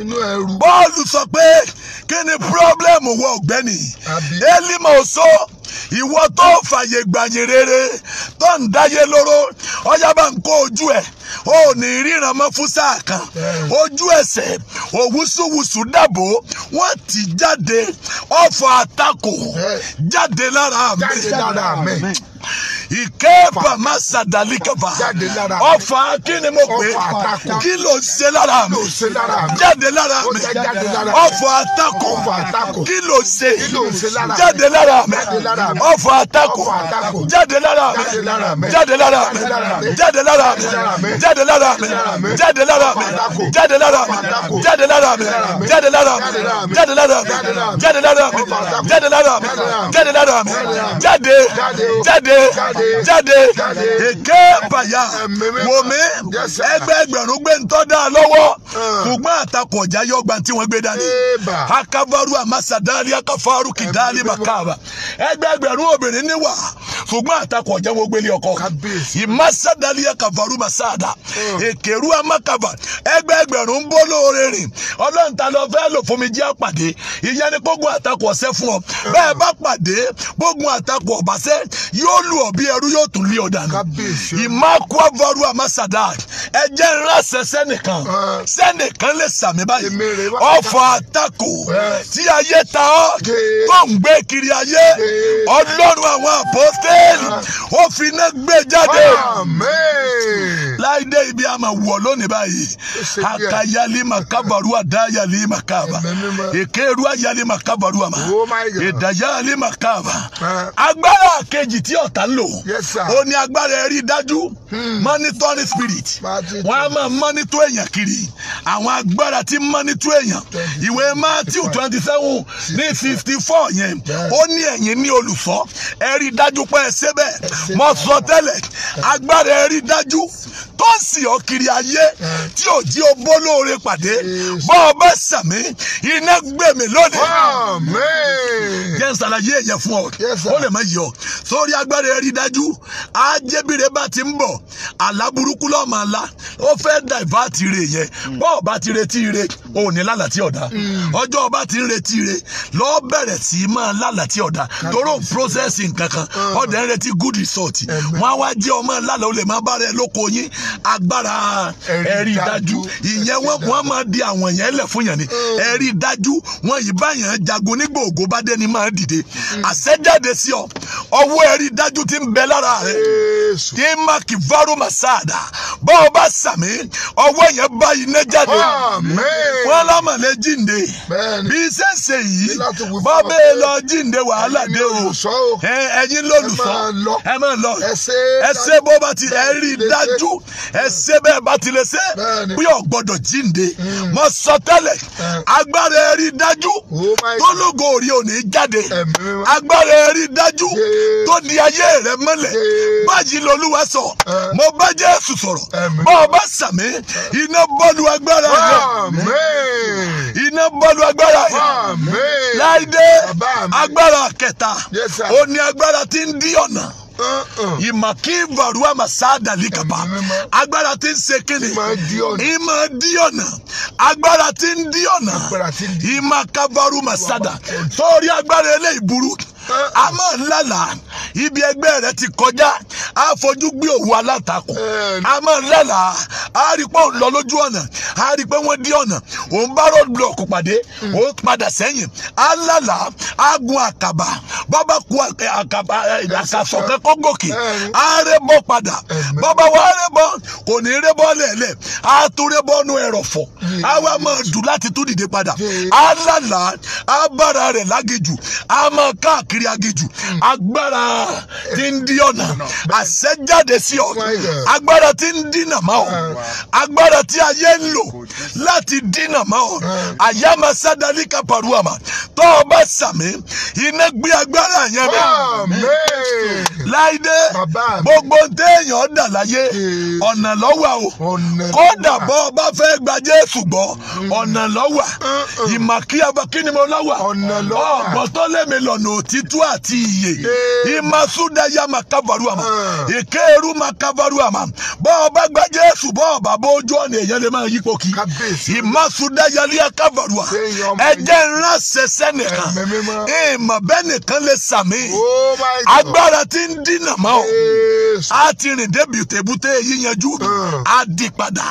inú ẹrù. bọ́ọ̀lù sọ pé kí ni pírọ́blẹ́mù wọ ọ̀gbẹ́ni elima oso ìwọ tó fàyè gbàyè rere tó ń dáyé lóró ọyá bá ń kó ojú ẹ ò ní ríran mọ́ fún sáà kan ojú ẹsẹ̀ òwúsùwùsù dàbò wọ́n ti jáde ọ̀fọ̀ àtakò jáde lára mi. jáde lára mi ìkẹ́ẹ̀bà má sàdálíkàbà ọ̀fà kí ni mo pè é kí ló ń ṣe lára mi jáde lára mi ọ̀fà àtakò kí ló ń ṣe jáde lára mi ọ̀fà àtakò jáde lára mi jáde lára mi jáde lára mi jáde lára mi jáde lára mi jáde lára mi jáde lára mi jáde lára mi jáde lára mi jáde lára mi jáde lára mi jáde lára mi jáde jáde jáde jáde èké bàyà wòmí ẹgbẹ́ ẹgbẹ̀rún gbé ń tọ́ dáa lọ́wọ́ ṣùgbọ́n àtakọ̀ ọ̀já yọgbà tí wọ́n gbé dání akabaru amasadari akafaru kidali makaba ẹgbẹ́ ẹgbẹ̀rún obìnrin níwà ṣùgbọ́n àtakọ̀ ọ̀já wọn gbélé ọkọ ìmasadari akafaru masada èkèrú amakaba ẹgbẹ́ ẹgbẹ̀rún ń bọ́ lóore rìn ọlọ́run ta lọ fẹ́ lò fún mi jẹ́ àpàdé ìyẹn ni kógun àtakọ̀ ọ̀sẹ́ fún ọ bẹ́ẹ̀ bá pàdé lù ọ́ bí ẹrú yóò tún lé ọ dànù ìmáàkú avaru amasadak ẹjẹ ńlẹsẹ sẹnìkan sẹnìkan lè sàmì báyìí ọ̀fọ̀ àtakò tí ayé ta ọ́ tó ń gbé kiri ayé ọlọ́run àwọn àpọ́tẹ́ẹ̀lì ó fi iná gbé jáde láìdé ibi àmà wọ̀ lónìí báyìí akayali makabaru adayali makaba èkéru ayali makabaru àmà ìdàyali oh makaba agbára kejì tí ọ̀ sátán lò ó ní agbára ẹ dájú hmm. monitoring spirit wọ́n á máa mọ́nító èèyàn kiri àwọn agbára tí mọ́nító èèyàn ìwé matthew twenty seven ní sixty four yẹn ó ní ẹ̀yin ní olùṣọ́ ẹ dájú pé ẹ ṣe bẹ́ẹ̀ mo sọ tẹ́lẹ̀ agbára ẹ dájú tó ń sì ọ́ kiri ayé tí ò jí o lóore pàdé bọ́ ọ bá sàmí iná gbèmí lónìí. jẹ́ nsàlàyé ẹ̀yẹ fún ọ ó lè má yọ sórí agbára rẹ̀ rí dájú ajébìrè bá ti ń bọ̀ aláburúkú lọ́mọ ńlá ó fẹ́ dàìvátì rẹ̀ yẹn mm. bọ́ ọba ti retí rẹ̀ ò ní lálà tí ọ̀dà mm. ọjọ́ ọba ti ń retí rẹ̀ lọ́ bẹ̀rẹ̀ sí í máa lálà tí ọ̀dà toró processing kankan ah. ọ̀dẹ̀ ń retí good result wọ́n á wá jẹ́ ọmọ lálà ó lè má bá rẹ̀ lóko yín agbára ẹ̀rí dájú ìyẹn wọ́n máa di àwọn yẹn lẹ̀ fún yẹn ni ah. ẹ̀rí dájú wọ́n yìí báyẹn jagun nígbà ògo bá ìtọ́jú ti ń bẹ lára rẹ tí máàkì varu masada bọ́ọ̀ bá sàmì ọwọ́ yẹn bá iná jáde wọ́n lámàlẹ́ jíǹde bí iṣẹ́ ṣe yìí bọ́ bẹ́ẹ̀ lọ jíǹde wàhálà dé o ẹ̀yin lólùfọ́ ẹ máa lọ ẹsẹ̀ bó bá ti rí dájú ẹsẹ̀ bẹ́ẹ̀ bá ti lè ṣe bí ò jíǹde hmm. mo sọ tẹ́lẹ̀ hmm. agbára rí dájú oh tó lógo òrí òní jáde agbára rí dájú tó di ayé ayé rẹ mọ́lẹ̀ báyìí lolúwa sọ eh. mo bá Jésù sọ̀rọ̀ ọ bá sàmì iná bọ́ọ̀lù agbára rẹ iná bọ́ọ̀lù agbára rẹ láìdé agbára kẹta ó ní agbára tí ń dí ọ̀nà ìmàkí varua masada likaba agbára tí ń ṣe kíni ìmà dí ọ̀nà agbára tí ń dí ọ̀nà ìmàkavaru masada sọ́ọ́rí agbára eléyìí burú a máa ń lálàá ibi ẹgbẹ́ rẹ ti kọjá a fojú gbé òwú alátakò a máa ń lálàá a rí pé òun lọ lójú ọ̀nà a rí pé wọ́n dí ọ̀nà òun bá road block pàdé òun hmm. padà sẹ́yìn a ń lálàá a gun àkàbà bàbá ku àkàbà eh, àkàsọ̀kẹ́ kọ́gòkè a rẹ bọ́ padà bàbá wa rẹ bọ́ kò ní rẹ bọ́ a tún rẹ bọ́ nu ẹ̀rọ̀fọ̀ a wá máa dùn láti tún dìde padà a lálàá a bára rẹ̀ lágejù a máa káàkiri káàkiri aginjù agbára tí ń dí ọ̀nà àṣẹjáde sí ọ agbara ti ń dínà má ọ ah. agbára tí ayé ń lò láti dínà má ọ ah. àyàmásádálí kápárùàmà tó o bá sàmì iná gbé agbára yẹn bẹ láìdé gbogbo téèyàn dà láyé eh. ọ̀nà lọ́wọ́ o kódà bọ́ ọ bá fẹ́ gba Jésù gbọ́ hmm. ọ̀nà lọ́wọ́ uh-uh. ìmàkíyàbọ̀ kí ni mo lọ́wọ́ ọ̀gbọ́n tó lé mi lọ́nà òtí itu ati iye imasuda ya makavaruama ikeru makavaruama bọ́ ọba gba jésù bọ́ ọba bó ojú ọ̀nà èèyàn lè máa yípo kí imasuda yali akavarua ẹjẹ ńlá sẹsẹ nìkan ìmọ̀ bẹ́ẹ̀ nìkan lè sàmì oh agbára tí ń dínà mọ́ ọ a ti rìn débi tèbútẹ́ yíyanjú a di padà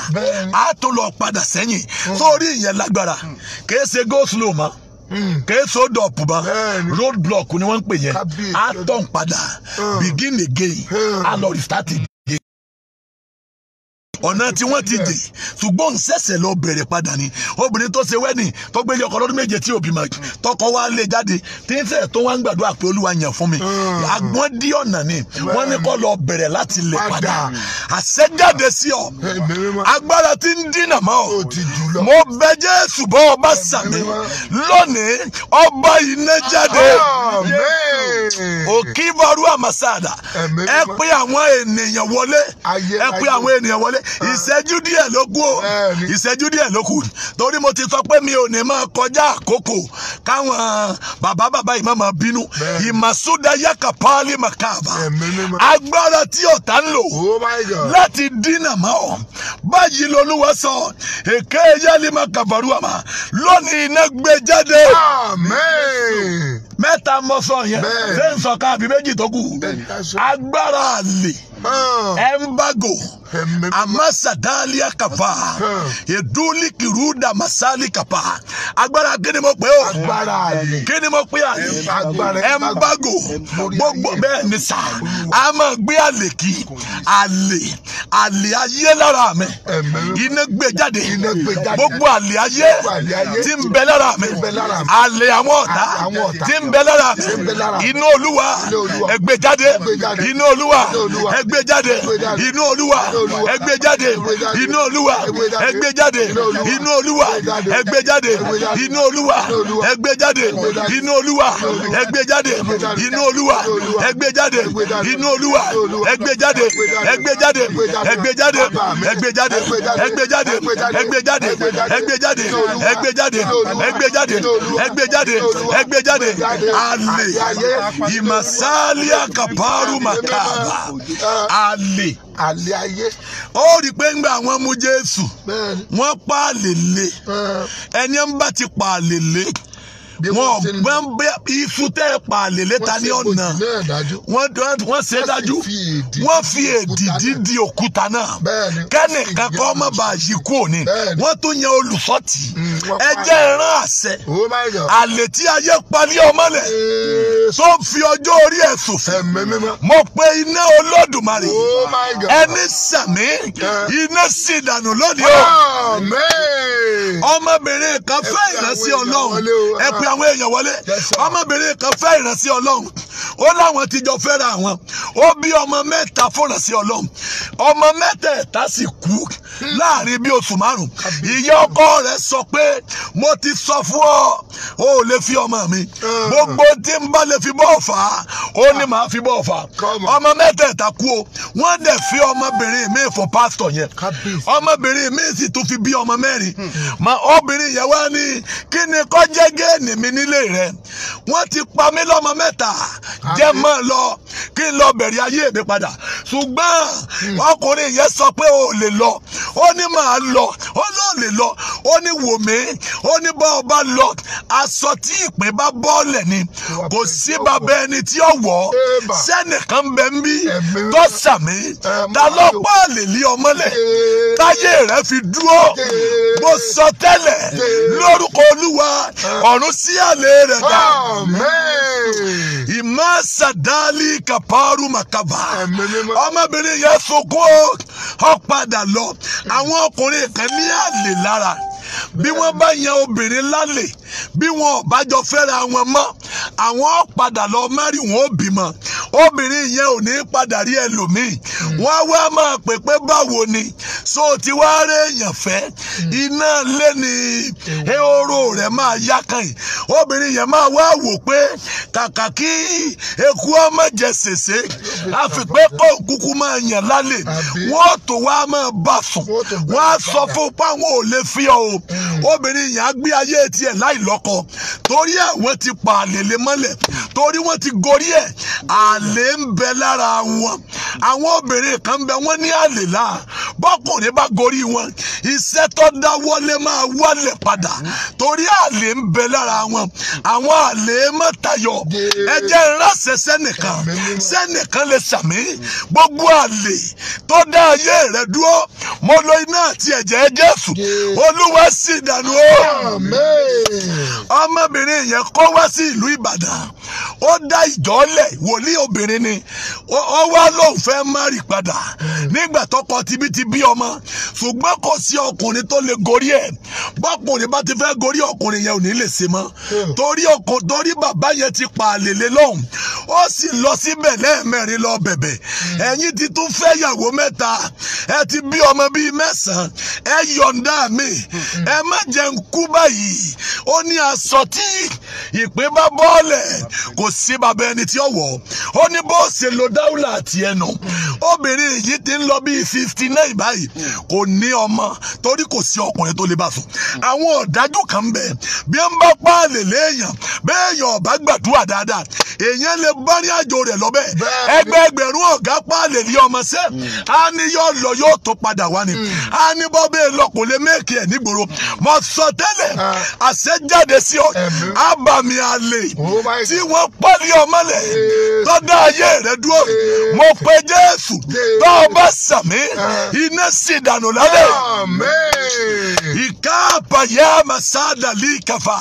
a tó lọ padà sẹ́yìn sórí ìyẹn lágbára hmm. kì í ṣe go slow mọ́. Hmm, kéésó dọ̀pù mọ́ road block ni wọ́n ń pè yẹn á tàn hmm. begin again á hmm. lọ restart again ọ̀nà tí wọ́n ti dè ṣùgbọ́n ń ṣẹ̀ṣẹ̀ lọ bẹ̀rẹ̀ padà ni obìnrin tó ṣe wẹ́nì tó gbélé ọkọ lọ́dún méje tí òbí ma tọkọ wa lé jáde tí ń sẹ̀ tó wá ń gbàdúrà pé olúwa yàn fún mi hmm. agbọ́n dí ọ̀nà ni wọ́n ní kó lọ bẹ̀rẹ̀ láti lè padà àṣẹjáde sí ọ agbára tí ń dínà mọ́ ọ mo bẹ jésù bọ́ ọba sàmì lónìí ọba iná jáde òkè ìbọrú àmàsáàdà ẹ pé àwọn ènìyàn wọlé ẹ pé àwọn ènìyàn wọlé ìṣẹ́jú díẹ̀ ló kù o ìṣẹ́jú díẹ̀ ló kù torí mo ti sọ pé mi ò ní máa kọjá àkókò káwọn bàbá bàbá yìí má máa bínú ìmàsúdà yàkà páálí màkàbà agbára tí ọ̀tá ń lò oh láti dínà mọ́ ọ báyìí lolúwa sọ èké yálì má kàbàrú àmà lónìí iná gbé jáde mẹ́ta mọ́ sọ yẹn ṣé ń sọ ká àbí méjì tó kù agbára àlè embargo. Ah. amasadália kàfà ìdúlí kìrú dàmásálì kàfà agbára kí ni mo pè ó kí ni mo pe àlè ẹnbágò gbogbo bẹ́ẹ̀ ni sà á máa gbé àlè kí àlè àlè ayé lára mi gbogbo àlè ayé tí ń bẹ lára mi àlè àwọn ọ̀tá tí ń bẹ lára mi iná olúwa ẹ gbé jáde iná olúwa ẹ gbé jáde iná olúwa ẹ gbé jáde iná olúwa ẹ gbé jáde iná olúwa ẹ gbé jáde iná olúwa ẹ gbé jáde iná olúwa ẹ gbé jáde iná olúwa ẹ gbé jáde ẹ gbé jáde ẹ gbé jáde ẹ gbé jáde ẹ gbé jáde ẹ gbé jáde ẹ gbé jáde ẹ gbé jáde ẹ gbé jáde ẹ gbé jáde ẹ gbé jáde ale ìmàsália kàpárù màkàbà ale. ori ayé. ó rí i pé ńgbà wọ́n mú Jésù pa àlè lé ẹni ti pa àlè wọn wọn bẹ ifu tẹ pa àlèlé ta ní ọ̀nà wọn ṣe dájú wọn fi èdìdí di òkúta náà kẹ́nìkan kọ́ ọmọ bá kú òní wọn tún yan olùfọ́tì hmm, ẹ ìran àṣẹ àlè tí ayé parí ọmọ tó fi ọjọ́ orí ẹ̀ sòfò mo pe iná olódùmarè ẹni sàmì iná sì dànù lónìí o ọmọbìnrin kan fẹ́ ìrẹsì ọlọ́run ẹ pe àwọn èèyàn wọlé ọmọbìnrin kan fẹ́ ìrẹsì ọlọ́run ó láwọn ti jọ fẹ́ra àwọn ó bí ọmọ mẹ́ta fúnrẹsì ọlọ́run ọmọ mẹ́tẹ̀ẹ̀ta sì kú hmm. láàrin bí oṣù márùn ìyá ọkọ rẹ̀ sọ pé mo ti sọ fún ọ o ò lè fi ọmọ mi hmm. gbogbo tí n bá lè fi bọ́ọ̀ fà á ó ní màá fi bọ́ọ̀ fà á ọmọ mẹ́tẹ̀ẹ̀ta kú o wọ́n dẹ̀ fi ọmọbìnrin mi fún pásítọ̀ yẹn ọmọbìnrin mi sì tún fi bí ọmọ mẹ́rin hmm. obìnrin yẹn wá ní kí ni kọ́jẹ́ géènì mi nílé rẹ wọ́n ti pa mí lọ́mọ mẹ́ta jẹ́ mọ́ lọ kí n lọ bẹ̀rẹ̀ ayé mi padà ṣùgbọ́n hmm. ọkùnrin yẹn sọ pé o lè lọ ó ní màá lọ ó lọ lè lọ ó ní wò mí ó ní bá ọba lọ aṣọ tí ìpè bá bọ́ọ̀lẹ̀ ni kò sí bàbá ẹni tí ó wọ̀ ọ́ sẹ́nìkan bẹ ń bí tó sàmì ta lọ pààlè lé ọmọlẹ̀ táyé rẹ fi dúró mo sọ tẹ́lẹ̀ lórúkọ olúwa ọ̀run sí àlè rẹ̀ dá. kaparu sàdáàlì kàpárù màkàbà. ọmọbìnrin yẹn sunkún ó padà lọ àwọn ọkùnrin kan ní àlè lára bí wọ́n bá yan obìnrin lálẹ́ bí wọn ò bá jọ fẹ́ra wọn mọ́ àwọn padà lọ mẹ́rì wọn ò bímọ obìnrin yẹn ò ní padà rí ẹlòmíì wọ́n wá máa pè pé báwo ni so ti wá rẹ̀ èèyàn fẹ́ iná lé ní ehoro rẹ̀ máa yá kan yìí obìnrin yẹn máa wá wò pé kàkà kí eku ọmọ jẹ sèse àfi kó kúkú máa yàn lálẹ́ wọ́n tó wá máa bá fún wọ́n á sọ fún páwọn ò lè fi ọ́ o. Mm. obìnrin yẹn á gbé ayé tiẹ̀ láì lọ́kọ torí ẹ̀ wọ́n ti pa àlè lé mọ́lẹ̀ torí wọ́n ti gorí ẹ̀ àlè ń bẹ lára wọn àwọn obìnrin kan bẹ wọ́n ní àlè láà bọ́kùnrin bá gorí wọn iṣẹ́ tó dáwọ́lé máa wálẹ̀ padà mm. torí àlè ń bẹ lára wọn àwọn àlè má tayọ ránṣẹ́ sẹ́nìkan sẹ́nìkan lè sàmí gbogbo àlè tó dá ayé rẹ dúró mo iná àti ẹ̀jẹ̀ Jésù olúwa sí ìdànù o ọmọbìnrin yẹn kó wá sí ìlú Ìbàdàn ó dá ìjọ́lẹ̀ wòlíì obìnrin ni ó wá lóun fẹ́ márì padà nígbà tọkọ tibí ti bí ọmọ ṣùgbọ́n kò sí ọkùnrin tó lè gorí ẹ̀ bọ́kùnrin bá ti fẹ́ gorí ọkùnrin yẹn ò ní lè ṣe mọ́ hmm. torí ọkùnrin torí bàbá yẹn ti pa àlèlè lọ́hùn ó sì lọ síbẹ̀ lẹ́ẹ̀mẹ́rin lọ bẹ̀bẹ̀ hmm. ẹ̀yin ti tún fẹ́ yàwó mẹ́ta ẹ ti bí ọmọ bíi mẹ́sàn-án ẹ yọ̀ǹda mi hmm ẹ má jẹ́ ń kú báyìí ó ní aṣọ tí ìpín bá bọ́ọ̀lẹ̀ kò sí bàbá ẹni tí ó wọ̀ ó ní bó lo dáúlà àti ẹnu obìnrin yìí ti ń lọ bíi fifty nine báyìí kò ní ọmọ torí kò sí ọkùnrin tó lè bá sùn àwọn ọ̀dájú kan bẹ̀ bí ń bá páàlè léèyàn béèyàn ọ̀bá gbàdúrà dáadáa èèyàn lè bá ní àjò rẹ̀ lọ́bẹ̀ ẹgbẹgbẹ̀rún ọ̀gá páàlè ní ọmọ sẹ́ á ní yóò lọ yóò tó padà wá ni á hmm. ní bọ́ bẹ́ẹ̀ lọ kò lè méèkì ẹ̀ nígboro mo sọ tẹ́lẹ̀ ah. àṣẹjáde sí ọ àbàmì àlè oh tí wọ́n pálí ọmọlẹ̀ tọ́dá ayé rẹ dúró mo pe Jésù tọ́ ọ bá sàmì ah. iná sì dànù lálẹ́ ikapa ya masadali kafa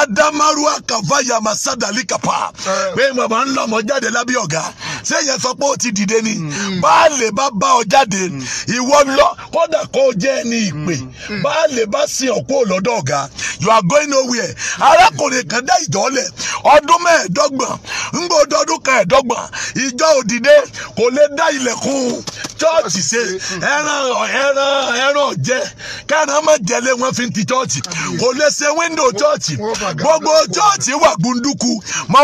adamaruwa kafa ya masadali kafa pé bàbá ń lọmọ jáde lábẹ́ ọ̀gá sẹ́yìn hmm. sọ pé ó ti dìde ni hmm. baálé bá bá ọ jáde hmm. ìwọ lọ kódà kó jẹ́ ẹni ìpè baálé. lè bá sin ọ̀pọ̀ lọ́dọ̀ ọ̀gá you are going nowhere arákùnrin kan dá ìjọ lẹ̀ ọdún mẹ́ẹ̀ẹ́dọ́gbọ̀n ńgbọ́ ọdún kẹẹ̀ẹ́dọ́gbọ̀n ìjọ òdìdé kò lè dá ilẹ̀kùn ẹran ẹran jẹ kẹran má jẹlé wọn fi ti kò lè ṣe wíńdò gbogbo chọ́ọ̀chì wà gbunduku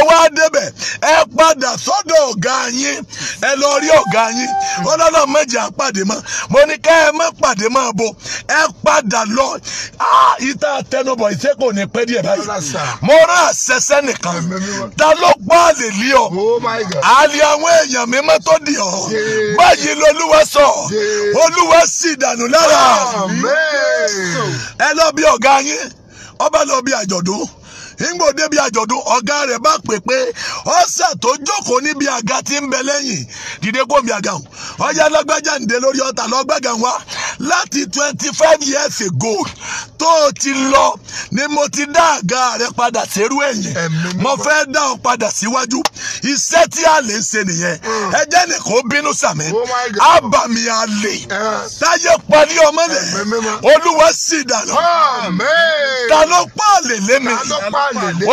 wá débẹ̀ ẹ padà sọ́dọ̀ ọ̀gá yín ẹ lọ rí ọ̀gá yín mẹ́jẹ̀ mọ́ mo ní Lord ah ìta àtẹnubọ̀ ìṣe kò ní pẹ́ díẹ̀ mo ta ọ oh àlè àwọn èèyàn mímọ́ tó di ọ báyìí lolúwa sọ olúwa si danu lara, ẹ lọ bí ọ̀gá yín ọba lọ bi ọga rẹ ba pepe bẹ láti twenty five years ago tó o ti lọ ni mo ti dá àga rẹ padà sẹ́rú ẹ̀yìn mo fẹ́ dá ọ padà síwájú iṣẹ́ tí a lè ṣe nìyẹn mm. ẹjẹ́ nìkan ó bínú sàmì ábàmì oh àlè táyé parí ọmọ rẹ olúwa sì dànù ta ló pa àlè lé mi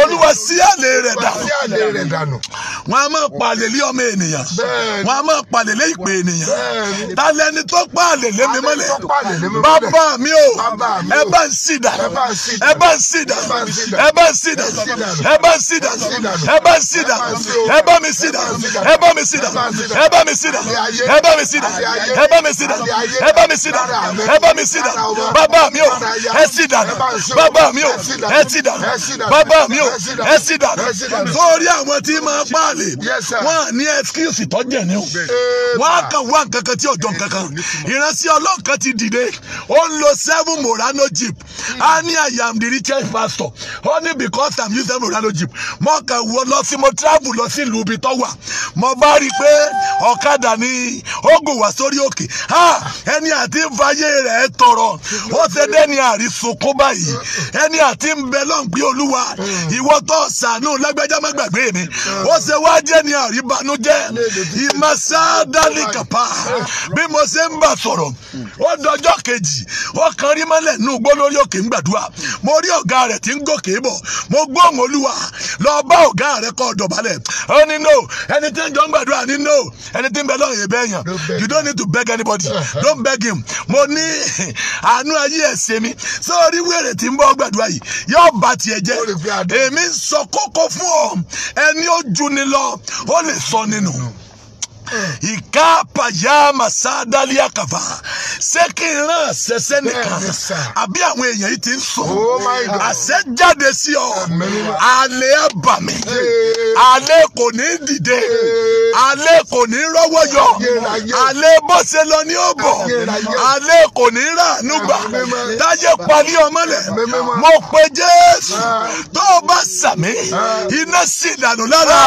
olúwa sí àlè rẹ dànù wọn a máa pa àlè lé ọmọ ènìyàn wọn a máa pa àlè lé ìpè ènìyàn ta lẹni tó pa àlè lé mi mọ́lẹ̀ bàbá mi o ẹ bá ń sì dànù ẹ bá ń sì dànù ẹ bá ń sì dànù ẹ bá ń sì dànù ẹ bá ń sì dànù ẹ bá mi sì dànù ẹ bá mi sì dànù ẹ bá mi sì dànù ẹ bá mi sì dànù ẹ bá mi sì dànù ẹ bá mi sì dànù ẹ bá mi sì dànù bàbá mi o ẹ sì dànù bàbá mi o ẹ sì dànù bàbá mi o ẹ sì dànù sórí àwọn tí máa pààlè wọn à ní ẹsikíùsì tọ́jẹ̀ ni o wọn á kàn wá nǹkan kan tí ọjọ́ nǹkan kan ìránṣẹ́ ọlọ́ọ̀kan ti dìde ó ń lo seven morano jeep a i am the richest pastor ó because i'm using morano jeep mo kàn wọ lọ sí mo travel lọ sí ìlú ibi mo bá rí i pé ọ̀kadà ni ó gùn wá sórí òkè ẹni àti ń rẹ̀ tọrọ ó ṣe dẹ́ni àrísunkún báyìí ẹni àti ń bẹ olúwa ìwọ tó sànú lágbájá má gbàgbé mi ó ṣe wá jẹ́ ni àríbanújẹ́ ìmọ̀sádálì kàpá bí mo ṣe ń bà sọ̀rọ̀ ó dọjọ́ kejì ọkàn rí mọ́lẹ̀ nù gbó lórí òkè ń gbàdúrà mo rí ọ̀gá rẹ̀ tí ń gòkè bọ̀ mo gbóhùn olúwa lọ bá ọ̀gá rẹ̀ kọ́ dọ̀bálẹ̀ ó ní no ẹni tí ń jọ ń gbàdúrà ní no ẹni tí ń bẹ lọ́rùn ìbẹ́ yàn you don't need to beg anybody don't beg him mo ní *laughs* àánú ayé ẹ̀sìn mi sórí wèrè tí ń bọ́ gbàdúrà yìí yóò bá tiẹ̀ jẹ́ èmi ń sọ kókó fún ọ ẹni ó ju ni lọ ó lè sọ nínú. No ìkáàpà yá màsá dálíà kàfà ṣé kí n rán ṣẹṣẹ nìkan àbí àwọn èèyàn yìí ti ń sùn àṣẹ jáde sí ọ alẹ́ àbàmì alẹ́ kò ní dìde alẹ́ kò ní rọ́wọ́ yọ alẹ́ bọ́sẹ̀ lọ ní ọ̀bọ̀ alẹ́ kò ní rà nígbà táyé palí ọmọlẹ̀ mo pe Jésù ah. tó o bá sàmì ah. iná sì dànù lára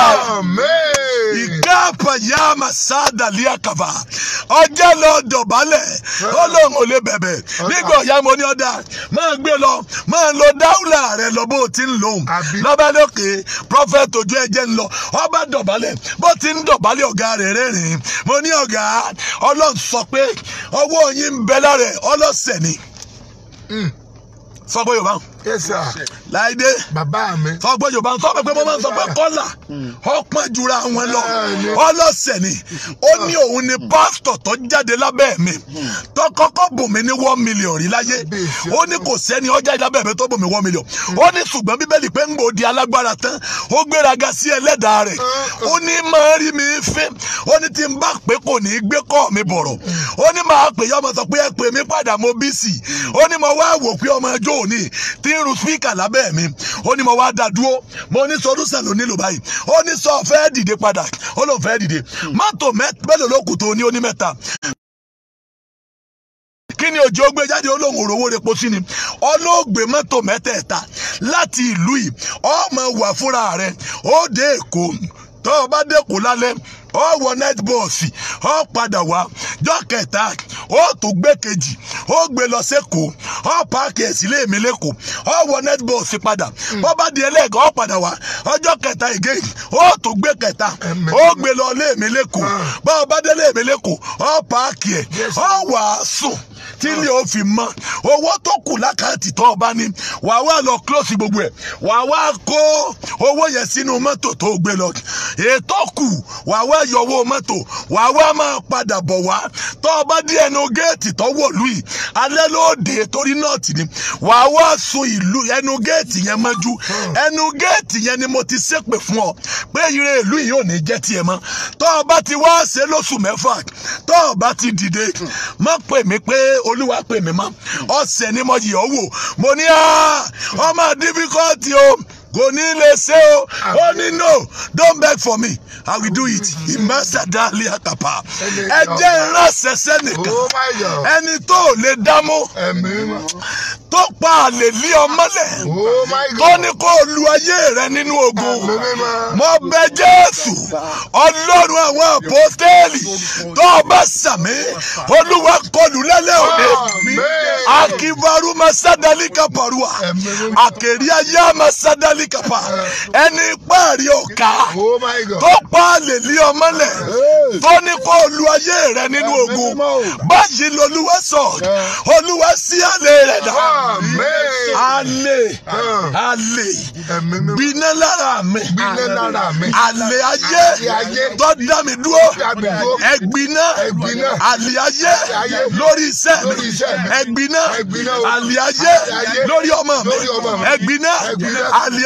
ìkáàpà yá masadalia kava ọjẹ́ lọ dọ̀bálẹ̀ ọlọ́run ò lè bẹ̀bẹ̀ nígbà ọ̀yá mo ní ọ̀dà máa gbé lọ máa lo dáúlà rẹ lọ bó o ti ń lòun lọ́ba lókè prophet ojú ẹ̀jẹ̀ ń lọ ọba dọ̀bálẹ̀ bó ti ń dọ̀bálẹ̀ ọ̀gá rẹ̀ rẹ́rìn mo ní ọ̀gá ọlọ́run sọ pé ọwọ́ yín ń bẹ lára ọlọ́sẹ̀ ni hmm. sọ pé yorùbá láìdé bàbá mi sọgbọ́n yorùbá ń sọ pé mo máa ń sọ pé kọ́là ọpọ́n jura wọn lọ ọlọ́sẹ̀ ni ó ní òun ni pásítọ̀ tó jáde lábẹ́ mi tó kọ́kọ́ bùn mí ní one million rí láyé ó ní kò sẹ́ni ó jáde lábẹ́ mi tó bùn mí one million ó ní ṣùgbọ́n bíbélì pé ń gbò di alágbára tán ó gbéraga sí ẹlẹ́dàá rẹ̀ ó ní máa rí mi fín ó ní tí n bá pé kò ní í gbé kọ́ mi bọ̀rọ̀ ó ní máa pè yọmọ sọ pé ẹ pè mí padà mo bí sí i ó ní mo wá wò pé ọmọ ẹjọ́ òní tí ń ru spíkà lábẹ́ mi ó ní mo wá dá dúró mo ní sọ ọdún sẹ́lò nílò báyìí ó ní sọ fẹ́ dìde padà ó lóun fẹ́ dìde mọ́tò mélòó ló kù tó ní ó mẹ́ta kí ni òjò gbé jáde olóhùn òrówó repo sí ni ọlọ́ọ̀gbé mọ́tò mẹ́tẹ̀ẹ̀ta láti ìlú yìí ọmọ wà fúnra rẹ̀ ó dé èkó tó o bá dẹ́kun lálẹ́ ó wọ net bọ́ọ̀sì ó padà wá jọ́ kẹta ó tún gbé kejì ó gbé lọ sẹ́kọ̀ọ́ ó paaki ẹ̀ sílé mi lẹ́kọ̀ọ́ ó wọ net padà hmm. bó bá di ẹlẹ́gàn ó padà wá ọjọ́ kẹta again ó tún gbé kẹta ó gbé lọ lé mi lẹ́kọ̀ọ́ ah. bó o bá dé lé mi lẹ́kọ̀ọ́ ó paaki ẹ̀ ó wàásù tí ilé ó fi mọ́ owó tó kù lákàtì tó o bá ní wàá wá lọ close gbogbo ẹ̀ wàá wá kó owó yẹn sínú mọ́tò tó o gbé lọ ètò kù wàá wá yọ owó mọ́tò wàá wá máa padà bọ̀ wá tó o bá dé ẹnu géètì tó wọ̀ lù yìí alẹ́ ló dé torí nọ́ọ̀tì ni wàá wá sun ìlú ẹnu géètì yẹn mọ́jú ẹnu géètì yẹn ni mo ti ṣépè fún ọ pé ire ìlú yìí ò ní jẹ́ tiẹ̀ mọ́ tó o bá ti wá ṣe lóṣù mẹ́fà tó o bá ti dìde má pè mí pé olúwa pè mí mọ́ ọ̀sẹ̀ ni mo yẹ̀ ọ́ wò mo ní ah, ọmọ difficult o kò ní lè ṣe o ó no don't beg for me i will do it ìmọ̀sádàlì àtàpà ẹjẹ́ ìránṣẹ́ṣẹ́ nìkan oh ẹni tó lè dámú tó pa àlè lé ọmọlẹ̀ oh tó ní kó lu ayé rẹ nínú ogun mo bẹ jésù ọlọ́run àwọn àpọ́tẹ́ẹ̀lì tó o bá sàmì olúwa kọlù lálẹ́ òde akíbarú masadali kaparua àkèrè ayé masadali kapa ẹni páàrí ọ̀ka oh tó pa lè lé ọmọ lẹ̀ tó ní kó lu ayé rẹ nínú ogun báyìí lolúwa sọ olúwa sí àlè rẹ dá àlè àlè gbiná lára mi àlè ayé tó dá mi dúró ẹgbiná àlè ayé lórí iṣẹ́ mi ẹgbiná àlè ayé lórí ọmọ mi ẹgbiná àlè.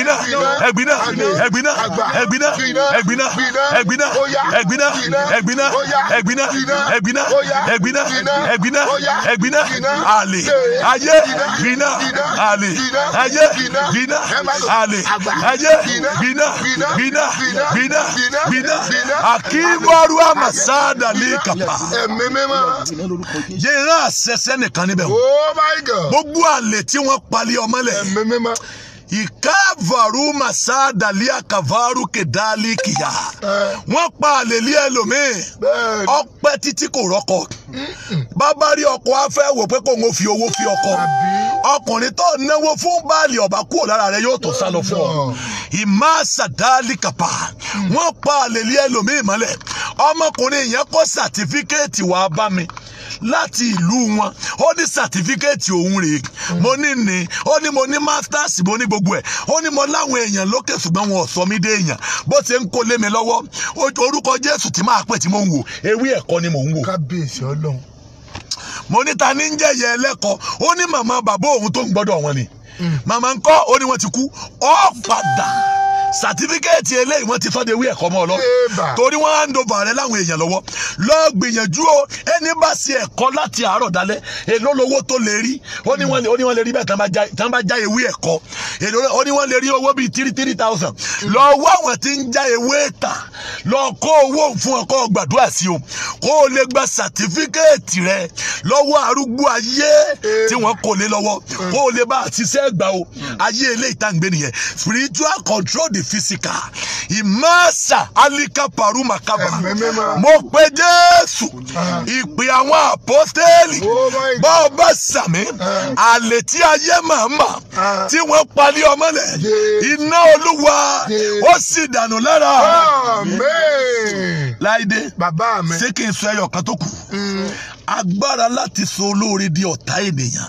ẹgbinna ẹgbinna ẹgbinna ẹgbinna ẹgbinna ẹgbinna ẹgbinna ẹgbinna ẹgbinna ẹgbinna ẹgbinna ẹgbinna ẹgbinna àlè ayé gbinna àlè ayé gbinna àlè ayé gbinna gbinna gbinna gbinna akíwárú àmàsáàdà ní kàpá yẹn rán àṣẹṣẹ nìkan níbẹ̀ gbogbo àlè tí wọ́n palẹ̀ ọmọlẹ̀. ìkáàvàrú màsáàdàlí àkàvàrú kẹdàlí kìyà Wọn pa àlèlí ẹlòmíì ọpẹ́ títí kò ọkọ afẹ wò pé kò ń fi owó fi ọkọ ọkùnrin tó náwó fún báàlì ọba kúrò lára rẹ yóò tó sálọ fún ọ ìmá sàdáàlì kàpà mm. pa àlèlí ọmọkùnrin yẹn kó wàá láti ìlú wọn ó ní sàtífíkẹ́ẹ̀tì òun rèé mo ní ní ó ní mo ní masters mo ní gbogbo ẹ̀ ó ní mo láwọn èèyàn lókè ṣùgbọ́n wọn ò sọ mí dé èèyàn bó ṣe ń kó lé mi lọ́wọ́ orúkọ Jésù tí máa pè tí mo ń wò ewé ẹ̀kọ́ ni mò ń wò. kábíyèsí Ọlọ́run mo ní ta ni ń jẹyẹ ẹlẹ́kọ̀ọ́ ó ní màmá bàbá òun tó ń gbọ́dọ̀ wọn ni hmm. màmá ńkọ́ ó ní wọn ti kú ó padà. sàtífíkẹ́ẹ̀tì eléyìí wọ́n ti fọ́de wí ẹ̀kọ́ mọ́ ọ lọ torí wọ́n á ń dobo ààrẹ láwọn èèyàn lọ́wọ́ lọ gbìyànjú o ẹni bá ṣe ẹ̀kọ́ láti àárọ̀ dalẹ́ èló lowó tó lè rí ó ní wọ́n lè rí bẹ́ẹ̀ tán bá já ewé ẹ̀kọ́ ó ní wọ́n lè rí owó bíi three three thousand lọ wá àwọn tí ń já ewé tà lọ kó owó fún ọkọ gbàdúrà sí o kó o lè gba sàtífíkẹ́ẹ̀tì rẹ lọ́wọ́ arúgbó ayé tí wọ́n kò lé lọ́wọ́ kó o lè bá àtisẹ́ gbà o ayé eléyìí tá à ń gbé nìyẹn spiritual control the be physical ìmọ̀ọ́sà alikaparu makaba mo pe jésù ìpè àwọn àpọ́tẹ́ẹ̀lì oh bá bá sàmì eh. àlè tí ayé màmá eh. tí wọ́n palẹ̀ ọmọlẹ̀ iná olúwa ó sì dànù lára láìdé ṣé kí n sọ ẹyọ kan tó kù mm. agbára láti sọ olóore di ọ̀tá ènìyàn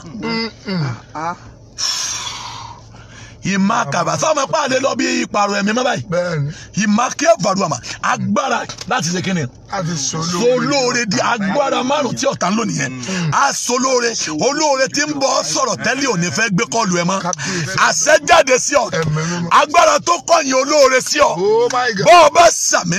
ìmọ̀ kàbà sọ́mọ pàdé lọ bí ìpàrọ̀ ẹ̀mí mọ́ báyìí ìmọ̀ kí ẹ̀ fàdùn àmà agbára láti ṣe kíni solóore di agbára márùn tí ọ̀tá ń lò nìyẹn mm. a solóore olóore tí ń bọ̀ sọ̀rọ̀ tẹ́lẹ̀ òní fẹ́ gbé kọlu ẹ̀ mọ́ àṣẹjáde sí ọ agbára tó kọ̀yìn olóore sí ọ oh bọ́ ọ bá sàmì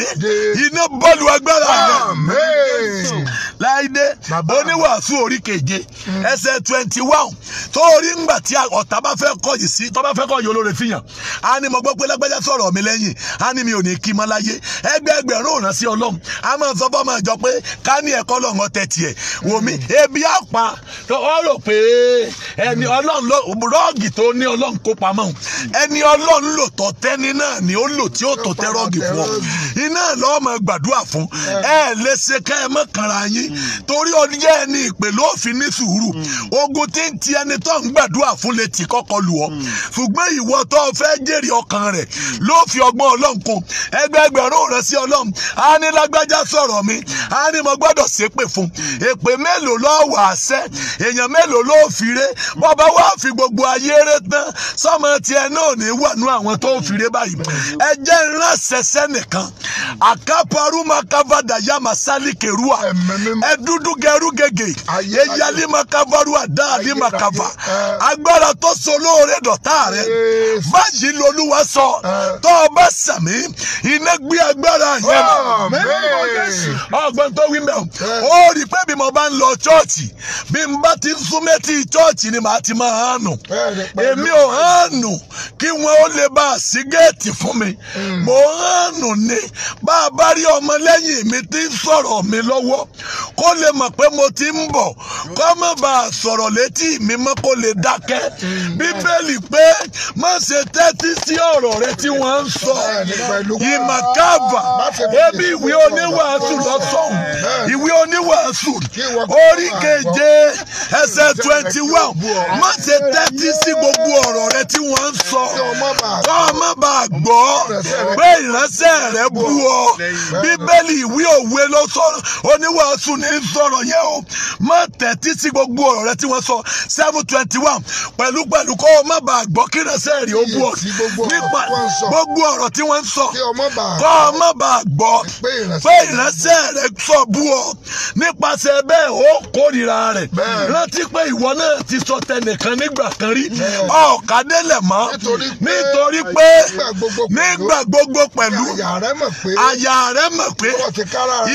iná bọ́ọ̀lù agbára rẹ láìdé oníwàásù orí keje mm. ẹsẹ̀ twenty one torí ńgbà tí ọ̀tá bá fẹ́ kọ̀yìn sí tọ́ bá fẹ́ kọ̀yìn olóore fìyàn a ní mo gbọ́ pé lágbájá sọ̀rọ̀ mi lẹ́yìn a ní mi ò ní kí mọ́ láyé ẹgbẹ́ ẹgbẹ̀rún òràn sí ọlọ́run máa sọ fọmọ ìjọ pé ká ní ẹ̀kọ́ lọ́wọ́ tẹ̀tì ẹ̀ wò mí ebi àpá ọ rò pé ẹni ọlọ́run ló rọ́ọ̀gì tó ní ọlọ́run kó pamọ́ ẹni ọlọ́run lò tọ́ tẹ́ni náà ni ó lò tí ó tọ́ tẹ́ rọ́ọ̀gì fún ọ iná lọ́ọ́ máa gbàdúrà fún ẹ lè ṣe ká ẹ mọ́ kanra yín torí ọdíjẹ́ ẹni ìpè ló fi ní sùúrù ogun tí ń ti ẹni tó ń gbàdúrà fún lè tì kọ́kọ́ lù ọ́ ṣùgbọ́n ìwọ tó fẹ́ jèrè ọkàn rẹ̀ ló fi ọgbọ́n ọlọ́run kún ẹgbẹ́gbẹ̀rún rẹ̀ sí ọlọ́run á ní sọ̀rọ̀ mi á ní mo gbọ́dọ̀ ṣépè fún èpè mélòó lọ́ọ́ wà á sẹ́ èèyàn mélòó lọ́ọ́ fire bọ́ba wá fi gbogbo ayé rẹ tán sọ́mọ tiẹ̀ náà ní wà àwọn tó fire báyìí ẹ jẹ́ ìránṣẹ́ṣẹ́ nìkan àkáparúmọ kávàdà yàmà sálíkèrú à ẹ dúdú gẹrú gègé eyalima kavaru àdá àlima kava agbára tó so lóore dọ̀tá rẹ fáyì lolúwa sọ tọ́ ọ bá sàmì iná gbé agbára yẹn ọgbọ́n tó wí mẹ́ ó rí i pé bí mo bá ń lọ chọ́ọ̀chì bí n bá ti ń sún mẹ́tì chọ́ọ̀chì ni màá ti máa hàn nù èmi ò hàn nù kí wọn ó lè bá a sí géètì fún mi mo hàn nù ni bá a bá rí ọmọ lẹ́yìn mi ti ń sọ̀rọ̀ mi lọ́wọ́ kó lè mọ̀ pé mo ti ń bọ̀ kó má bàa sọ̀rọ̀ létí mi mọ́ kó lè dákẹ́ bíbélì pé má ṣe tẹ́tí sí ọ̀rọ̀ rẹ tí wọ́n ń sọ ìmàkàbà ebi ìwé oníwà oníwàásù lọ́sọ̀hún ìwé oníwàásù orí keje ẹsẹ̀ twenty one má ṣe tẹ́tí sí gbogbo ọ̀rọ̀ rẹ tí wọ́n ń sọ kọ́ ọ má bàa gbọ́ pé ìránṣẹ́ rẹ bú ọ bíbélì ìwé òwe ló sọ oníwàásù ní sọ̀rọ̀ yẹn o má tẹ́tí sí gbogbo ọ̀rọ̀ rẹ tí wọ́n sọ seven twenty one pẹ̀lú pẹ̀lú kọ́ ọ má bàa gbọ́ kí ìránṣẹ́ rẹ ó bú ọ nípa gbogbo ọ̀rọ̀ tí wọ́n ń sọ kọ́ ọ má gbọ́ pé ìránṣẹ́ ìránṣẹ́ rẹ̀ sọ bú ọ nípasẹ̀ bẹ́ẹ̀ ó kórìíra rẹ̀ rántí pé ìwọ náà ti sọ tẹnìkan nígbà kan rí ọ̀kadẹ́lẹ̀ mọ́ nítorí pé nígbà gbogbo pẹ̀lú àyà rẹ̀ mọ̀ pé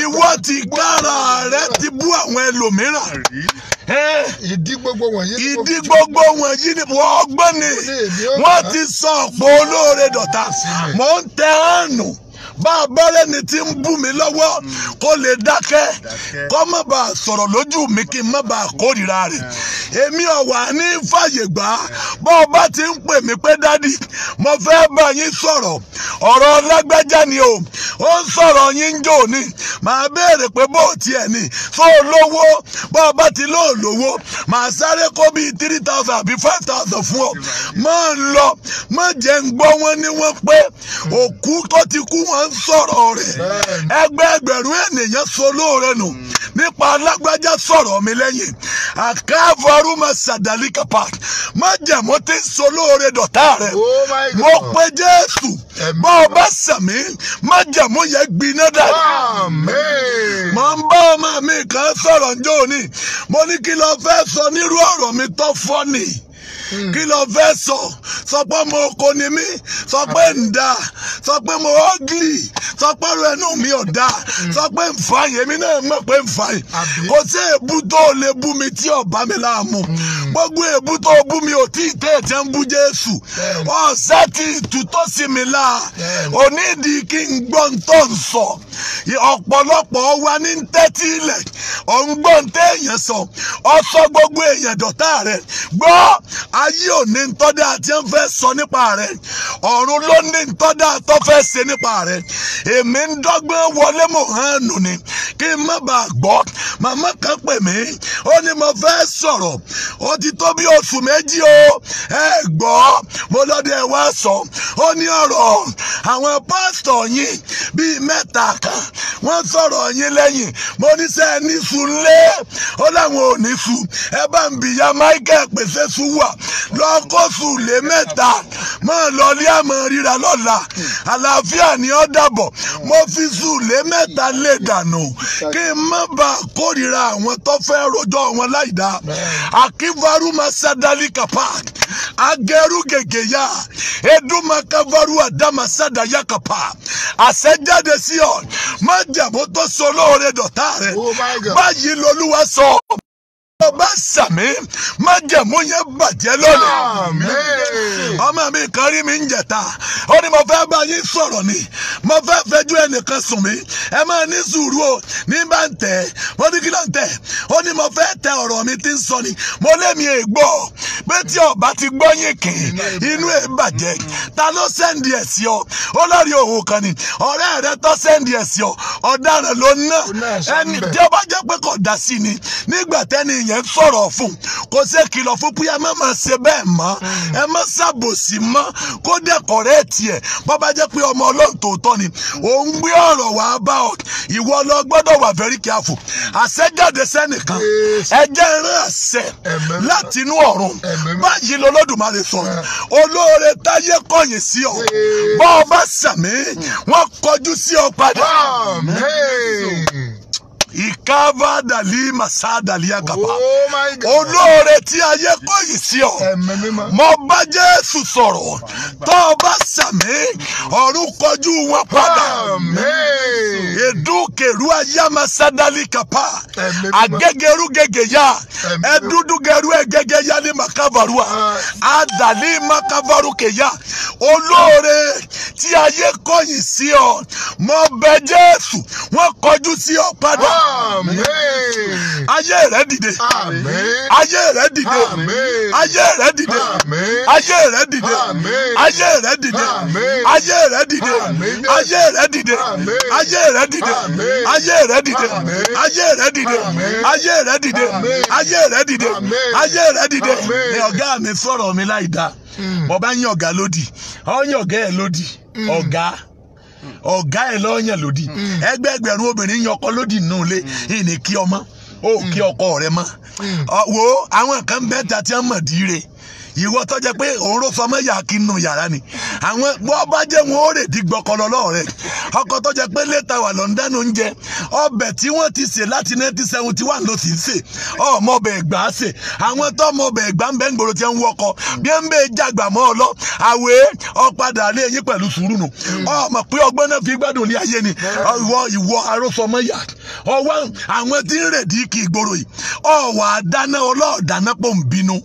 ìwọ ti kára rẹ̀ ti bú àwọn ẹlòmíràn ìdí gbogbo wọ̀nyí ni wọ́n ọgbọ́n ni wọ́n ti sọ ọ̀pọ̀ olóore dọ̀tá mò ń tẹ ọ́nù. bá a bẹ́rẹ̀ ni ti ń bù mí lọ́wọ́ hmm. kó lè dákẹ́ kó má bàa sọ̀rọ̀ lójú mi kí n má bàa kórìíra rẹ̀ hmm. èmi ọ̀wà ní fàyè gbà bá ọ bá ti ń pè mí pé dádì mo fẹ́ bá yín sọ̀rọ̀ ọ̀rọ̀ ni o ó ń sọ̀rọ̀ yín jò ni tó lówó bá bá ti lò lówó màá sáré kó bíi three thousand àbí five thousand fún ọ máa ń lọ má jẹ́ ń gbọ́ wọn ní wọ́n pé hmm. òkú tó ń sọ̀rọ̀ rẹ̀ ẹgbẹ́ ẹgbẹ̀rún ènìyàn sọ lóore nù hmm. nípa alágbájá sọ̀rọ̀ mi lẹ́yìn àkàfọ̀rú ma sàdálì kapa má jẹ̀mú tí ń sọ lóore rẹ̀ oh mo pe Jésù bá ọ bá sàmí má jẹ̀mú yẹ gbiná dàrú. mo ń bá ọmọ mi kan sọ̀rọ̀ njó ni mo ní kí ló fẹ́ sọ nírú ọ̀rọ̀ mi tó fọ́ ni. Hmm. kí ló fẹ́ sọ sọ pé mo kò ní mí sọ pé ń da sọ pé mo ọ́gìlì sọ pé ọ̀rọ̀ ẹnu mi ò da hmm. sọ pé ń fa yẹn mi náà mọ̀ pé ń fa yẹn kò sí èébú tó lè bú mi tí ò mi láàmú hmm. gbogbo èébú tó bú mi ò tí ì tẹ̀ ẹ̀ tẹ́ ń bú Jésù ọ̀sẹ̀ ti tutọ́ sí mi láà onídìí kí n gbọ́ ń tó ń sọ ọ̀pọ̀lọpọ̀ wa ní tẹ́tí ilẹ̀ ọ̀ ń gbọ́ ń tẹ́ èèyàn sọ ọ sọ gbogbo èèyàn dọ̀tá rẹ̀ gbọ́ ayé ò ní ntọ́dá àti ń fẹ́ sọ nípa rẹ̀ ọ̀run ló ní ntọ́dá atọ fẹ́ ṣe nípa rẹ̀ èmi ń dọ́gbọ́n wọlé mò ń nù ni kí n má bàa gbọ́ màmá kan pè mí ó ní mo fẹ́ sọ̀rọ̀ ó ti tó bí oṣù méjì o ẹ gbọ́ mo lọ́dọ̀ ẹ wá sọ ó ní ọ̀rọ̀ àwọn pásítọ̀ yín bíi mẹ́ta kan wọ́n sọ̀rọ̀ yín lẹ́yìn mo ní ní sùn lé Michael pèsè lọ kófù lé mẹ́ta máa lọ lé àmọ́ ríra lọ́la àlàáfíà ni ó dàbọ̀ mo fi sùn lé mẹ́ta lè dànù kí n má ba kórìíra àwọn tó fẹ́ rojọ́ wọn láì dá akínfarú máa sádálì kàpá agẹrú gègé yá edumakabaru adamasada yakapa àṣẹjáde sí ọ má jàbó tó so olóore dọ̀tá rẹ oh báyìí lolúwa sọ ọba sàmì májẹ̀mú yẹn bàjẹ́ lónìí. ọmọ mi kan rí mi ń jẹ̀ta ó ní mo fẹ́ bá yín sọ̀rọ̀ ni mo fẹ́ fẹjú ẹnìkan sùn mí ẹ máa ní sùúrù o ní bá ń tẹ̀ ó ní kí ló ń tẹ̀ ó ní mo fẹ́ tẹ ọ̀rọ̀ mi tí ń sọ ni mo lé mi ègbò pé tí ọba ti gbọ́ yín kìn inú ẹ̀ ń bàjẹ́ ta ló sẹ́ndì ẹ̀ sí ọ olórí òwò kan ni ọ̀rẹ́ rẹ tó sẹ́ndì ẹ̀ sí ọ ọ̀daràn ló ná ẹni tí ọba jẹ́ pé kò dá sí ni nígbà tẹ́ni yẹn sọ̀rọ̀ fún kò ṣe kìlọ̀ fún pé ẹ má máa ṣe bẹ́ẹ̀ mọ́ ẹ má ṣàbòsí mọ́ kó dẹ́kọ̀ rẹ̀ tiẹ̀ bọ́ba jẹ́ pé ọmọ ọlọ́run tòótọ́ ni òun very careful àṣẹjáde sẹ́nìkan ẹjẹ́ rán àṣẹ látinú ọ̀run báyìí lọlọ́dùmarè sọ olóore táyé kọ̀yìn sí ọ bọ́ bá sàmì hmm. wọ́n kọjú sí ọ padà ìkábà dàlí màsá dàlí àgàbà oh olóore tí ayé kò yìí sí ọ mo bá Jésù sọ̀rọ̀ tó o bá sàmì ọ̀run kọjú wọn padà èdúkèrú ayámasádálì kàpá agẹgẹrú gẹgẹ yá ẹdúdúgẹrú ah. ẹgẹgẹ yá ní makavarua adàlí makavaru kẹyà olóore tí ayé kọ̀yìn sí ọ mo bẹ̀ Jésù wọn kọjú sí ọ padà ayé rẹ dìde ayé rẹ dìde ayé rẹ dìde ayé rẹ dìde ayé rẹ dìde ayé rẹ dìde ayé rẹ dìde ayé rẹ dìde ayé rẹ dìde ayé rẹ dìde ayé rẹ dìde ayé rẹ dìde ayé rẹ dìde ni ọ̀gá mi fọ̀rọ̀ mi láì dá bọba yín ọ̀gá lódì ọ yín ọ̀gá ẹ lódì ọ̀gá. Mm. ọ̀gá ẹ̀ lọ́ọ̀yàn lòdì hmm. ẹgbẹ́gbẹ̀rún obìnrin yan ọkọ lòdì nù lé hmm. ìní kí ọmọ ó kí hmm. ọkọ rẹ mọ́ wo àwọn kan bẹ́ẹ̀ ta ti wọ́n mọ̀ díire. ìwọ tó jẹ pé òun ló fọmọ yà kí nù yàrá ni àwọn bó bá jẹ wọn ó rè di gbọkọlọ lọrẹ ọkọ tó jẹ pé lẹ́tà wà lọ́ndẹ́nu oúnjẹ ọbẹ̀ tí wọ́n ti sè láti nineteen seventy one ló sì ń sè ọmọ ọbẹ̀ ẹ̀gbá sè àwọn tó ọmọ ọbẹ̀ ẹ̀gbá ń bẹ́ ń gbòòrò tí ń wọkọ bí ń bẹ́ẹ̀ jàgbà mọ́ ọ lọ àwẹ̀ ọ̀padà alẹ́ yín pẹ̀lú sùúrù nù ọmọ pé ọgbọ́n náà fi gbádùn ní ayé ni ìwọ ìwọ arọ́sọmọ́yà ọwọ́ àwọn tí ń rèdí kì í yìí ọ̀wà dáná ọlọ́ọ̀dáná pọ̀ ń bínú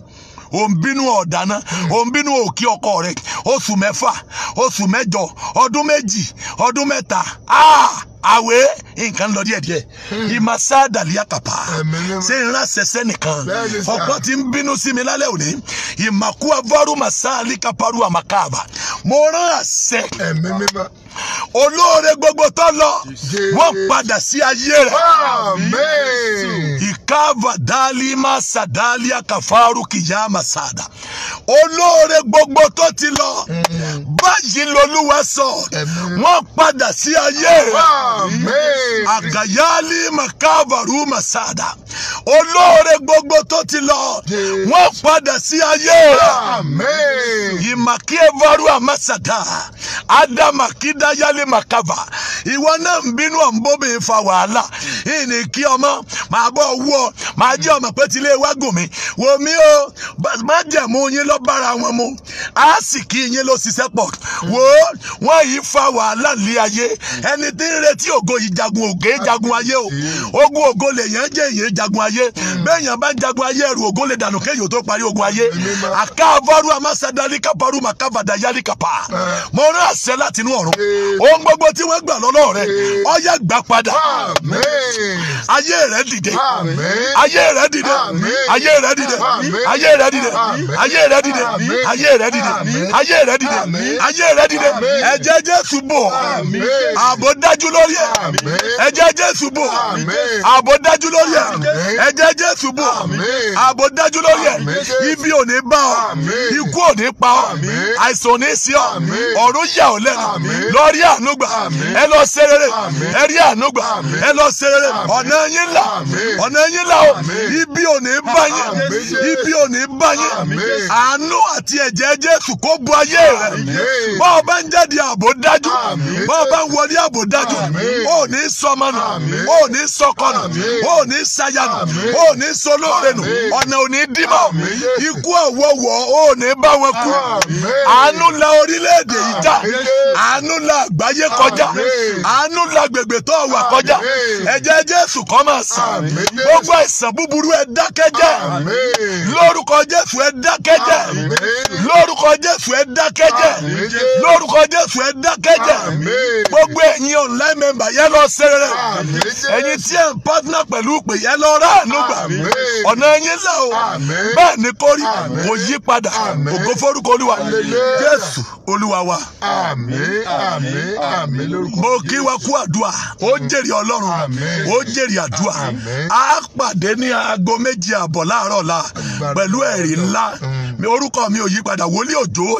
ò ń bínú ọ̀dáná ò ń bínú òkè ọkọ rẹ oṣù mẹ́fà oṣù mẹ́jọ ọdún méjì ọdún mẹ́ta ah! àwẹ̀ nǹkan lọ díẹ̀díẹ̀ ìmàṣá dàlíyà kàpá ṣé ń ránṣẹṣẹ nìkan ọ̀pọ̀ tí ń bínú sí mi lálẹ́ òní ìmàkú avárùmàṣá alíkàpárù àmàkàbà mo rán àṣẹ olóore gbogbo tó lọ wọ́n padà sí ayé rẹ̀ ìkáàbà dálí má sàdálí àkàfàrú kìyà má sàdá olóore gbogbo tó ti lọ mm-hmm. báyìí lolúwa sọ wọ́n padà sí ayé rẹ̀ àgàyálí màkàbàrú má sàdá olóore gbogbo tó ti lọ wọ́n padà sí ayé rẹ̀ ìmàkí ẹ̀fọ́rú àmàsàdá ádámàkídà adayale makava ìwọ náà ń bínú ọ̀ ń bóbi fa wàhálà ìní kí ọmọ màá bọ̀ wú ọ màá jẹ́ ọmọ pé tilé wágùn mi wò mí o má jẹ̀mú yín lọ bára wọn mu á sì kí yín ló ṣiṣẹ́ pọ̀ wò ó wọ́n yìí fa wàhálà lé ayé ẹni tí ń retí ògo yìí jagun jagun ayé o ogun ògo lè yẹn jẹ́ èyí jagun ayé bẹ́ẹ̀ yẹn bá jagun ayé ẹrù ògo lè dànù kéyìí tó parí ogun ayé àkàvọ́rù amásádálí kápárù màkàvàdà yálí kàpá mo rán àṣẹ látinú ọ̀run ohun gbogbo tí wọ́n gbà lọ́dọ̀ rẹ ó yá gbà padà ayé rẹ dìde ayé rẹ dìde ayé rẹ dìde ayé rẹ dìde ayé rẹ dìde ayé rẹ dìde ayé rẹ dìde ayé rẹ dìde ẹ̀jẹ̀ Jésù bò ààbò dájú lórí ẹ ẹ̀jẹ̀ Jésù bò ààbò dájú lórí ẹ ẹ̀jẹ̀ Jésù bò ààbò dájú lórí ẹ ibi ò bá ọ ikú ò pa ọ àìsàn ò sí ọ ọ̀run yà ọ́ lẹ́nu lọ lọ rí àánú gbà ẹ lọ ṣe rere ẹ rí àánú gbà ẹ lọ ṣe rere ọ̀nà yín là ọ̀nà yín là o ibi ò ní bá yín ibi ò ní bá yín àánú àti ẹ̀jẹ̀ Jésù kó bu ayé rẹ bá ọ bá ń jáde ààbò dájú bá ọ bá ń wọlé ààbò dájú ó ní sọmọ nù ó ní sọkọ nù ó ní sáyà nù ó ní solóore nù ọ̀nà ò ní ikú ọ̀wọ̀wọ̀ ó ní bá wọn kú àánú la orílẹ̀-èdè yìí já àánú la àgbáyé kọjá àánú la gbègbè tó wà kọjá ẹ̀jẹ̀ jésù kó máa sàn gbogbo àìsàn búburú ẹ dákẹ́jẹ́ lórúkọ jésù ẹ dákẹ́jẹ́ lórúkọ jésù ẹ dákẹ́jẹ́ lórúkọ jésù ẹ dákẹ́jẹ́ gbogbo ẹ̀yin online member yẹn lọ sẹ́rẹ̀ ẹ̀yin tí ẹ̀ ń partner pẹ̀lú pé yẹn lọ rà àánú gbà ọ̀nà ẹ̀yin là o bẹ́ẹ̀ ni kò rí kò yí padà ògo forúkọ olúwa jésù olúwa wa. Àmín àmín àmín lórúkọ. mo kí wa kú àdúrà ó jèrè ọlọ́run ó jèrè àdúrà á pàdé ní aago méjì àbọ̀ láàárọ̀ la pẹ̀lú ẹ̀rí ńlá mm. orúkọ mi ò yí padà wòlíì òjò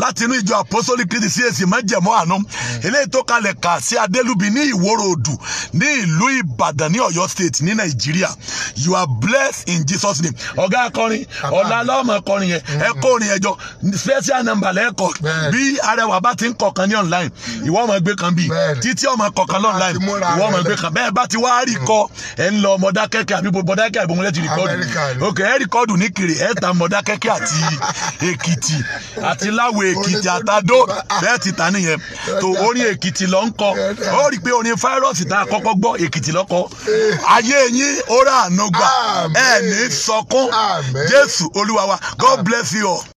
láti inú ìjọ apostolic creed CAC mẹ́jẹ̀mọ́ àánú mm. eléyìí tó kalẹ̀ kà sí adélúbi ní ìwòrò òdù ní ìlú ìbàdàn ní ọ̀yọ́ state ní nàìjíríà you are blessed in jesus name ọ̀gá akọrin ọ̀la aláwọ̀mọ̀ akọrin yẹn ẹ kó orin ẹjọ special number lẹ́ẹ̀kọ́ bí arẹwà bá ti ń kọ̀ọ̀kan ní online ìwọ ọmọ gbé kan bíi títí ọmọ kọkan lọ́n láì ìwọ ọmọ gbé kan bẹ́ẹ̀ bá ti wá rí mm. kọ ẹ̀ ń lọ mọ̀dákẹ́kẹ́ àbí mọ̀dákẹ́kẹ́ àbí mọ̀lẹ́tì rìkọ́dù ok ẹ̀ rìkọ́dù ní kiri ẹ̀ ta mọ̀dákẹ́kẹ́ àti èkìtì àti láwo èkìtì àtàdó ah. bẹ́ẹ̀ ti ta nìyẹn tó orin èkìtì lọ ń kọ ó rí pé orin fáírọ́ọ̀sì tá a kọ́kọ́ gbọ́ èkìtì lọ́kọ́ eh. ayé yín ó rà ànúgbà ẹ̀ ní sọkún Jésù Olúwa wa God bless you all.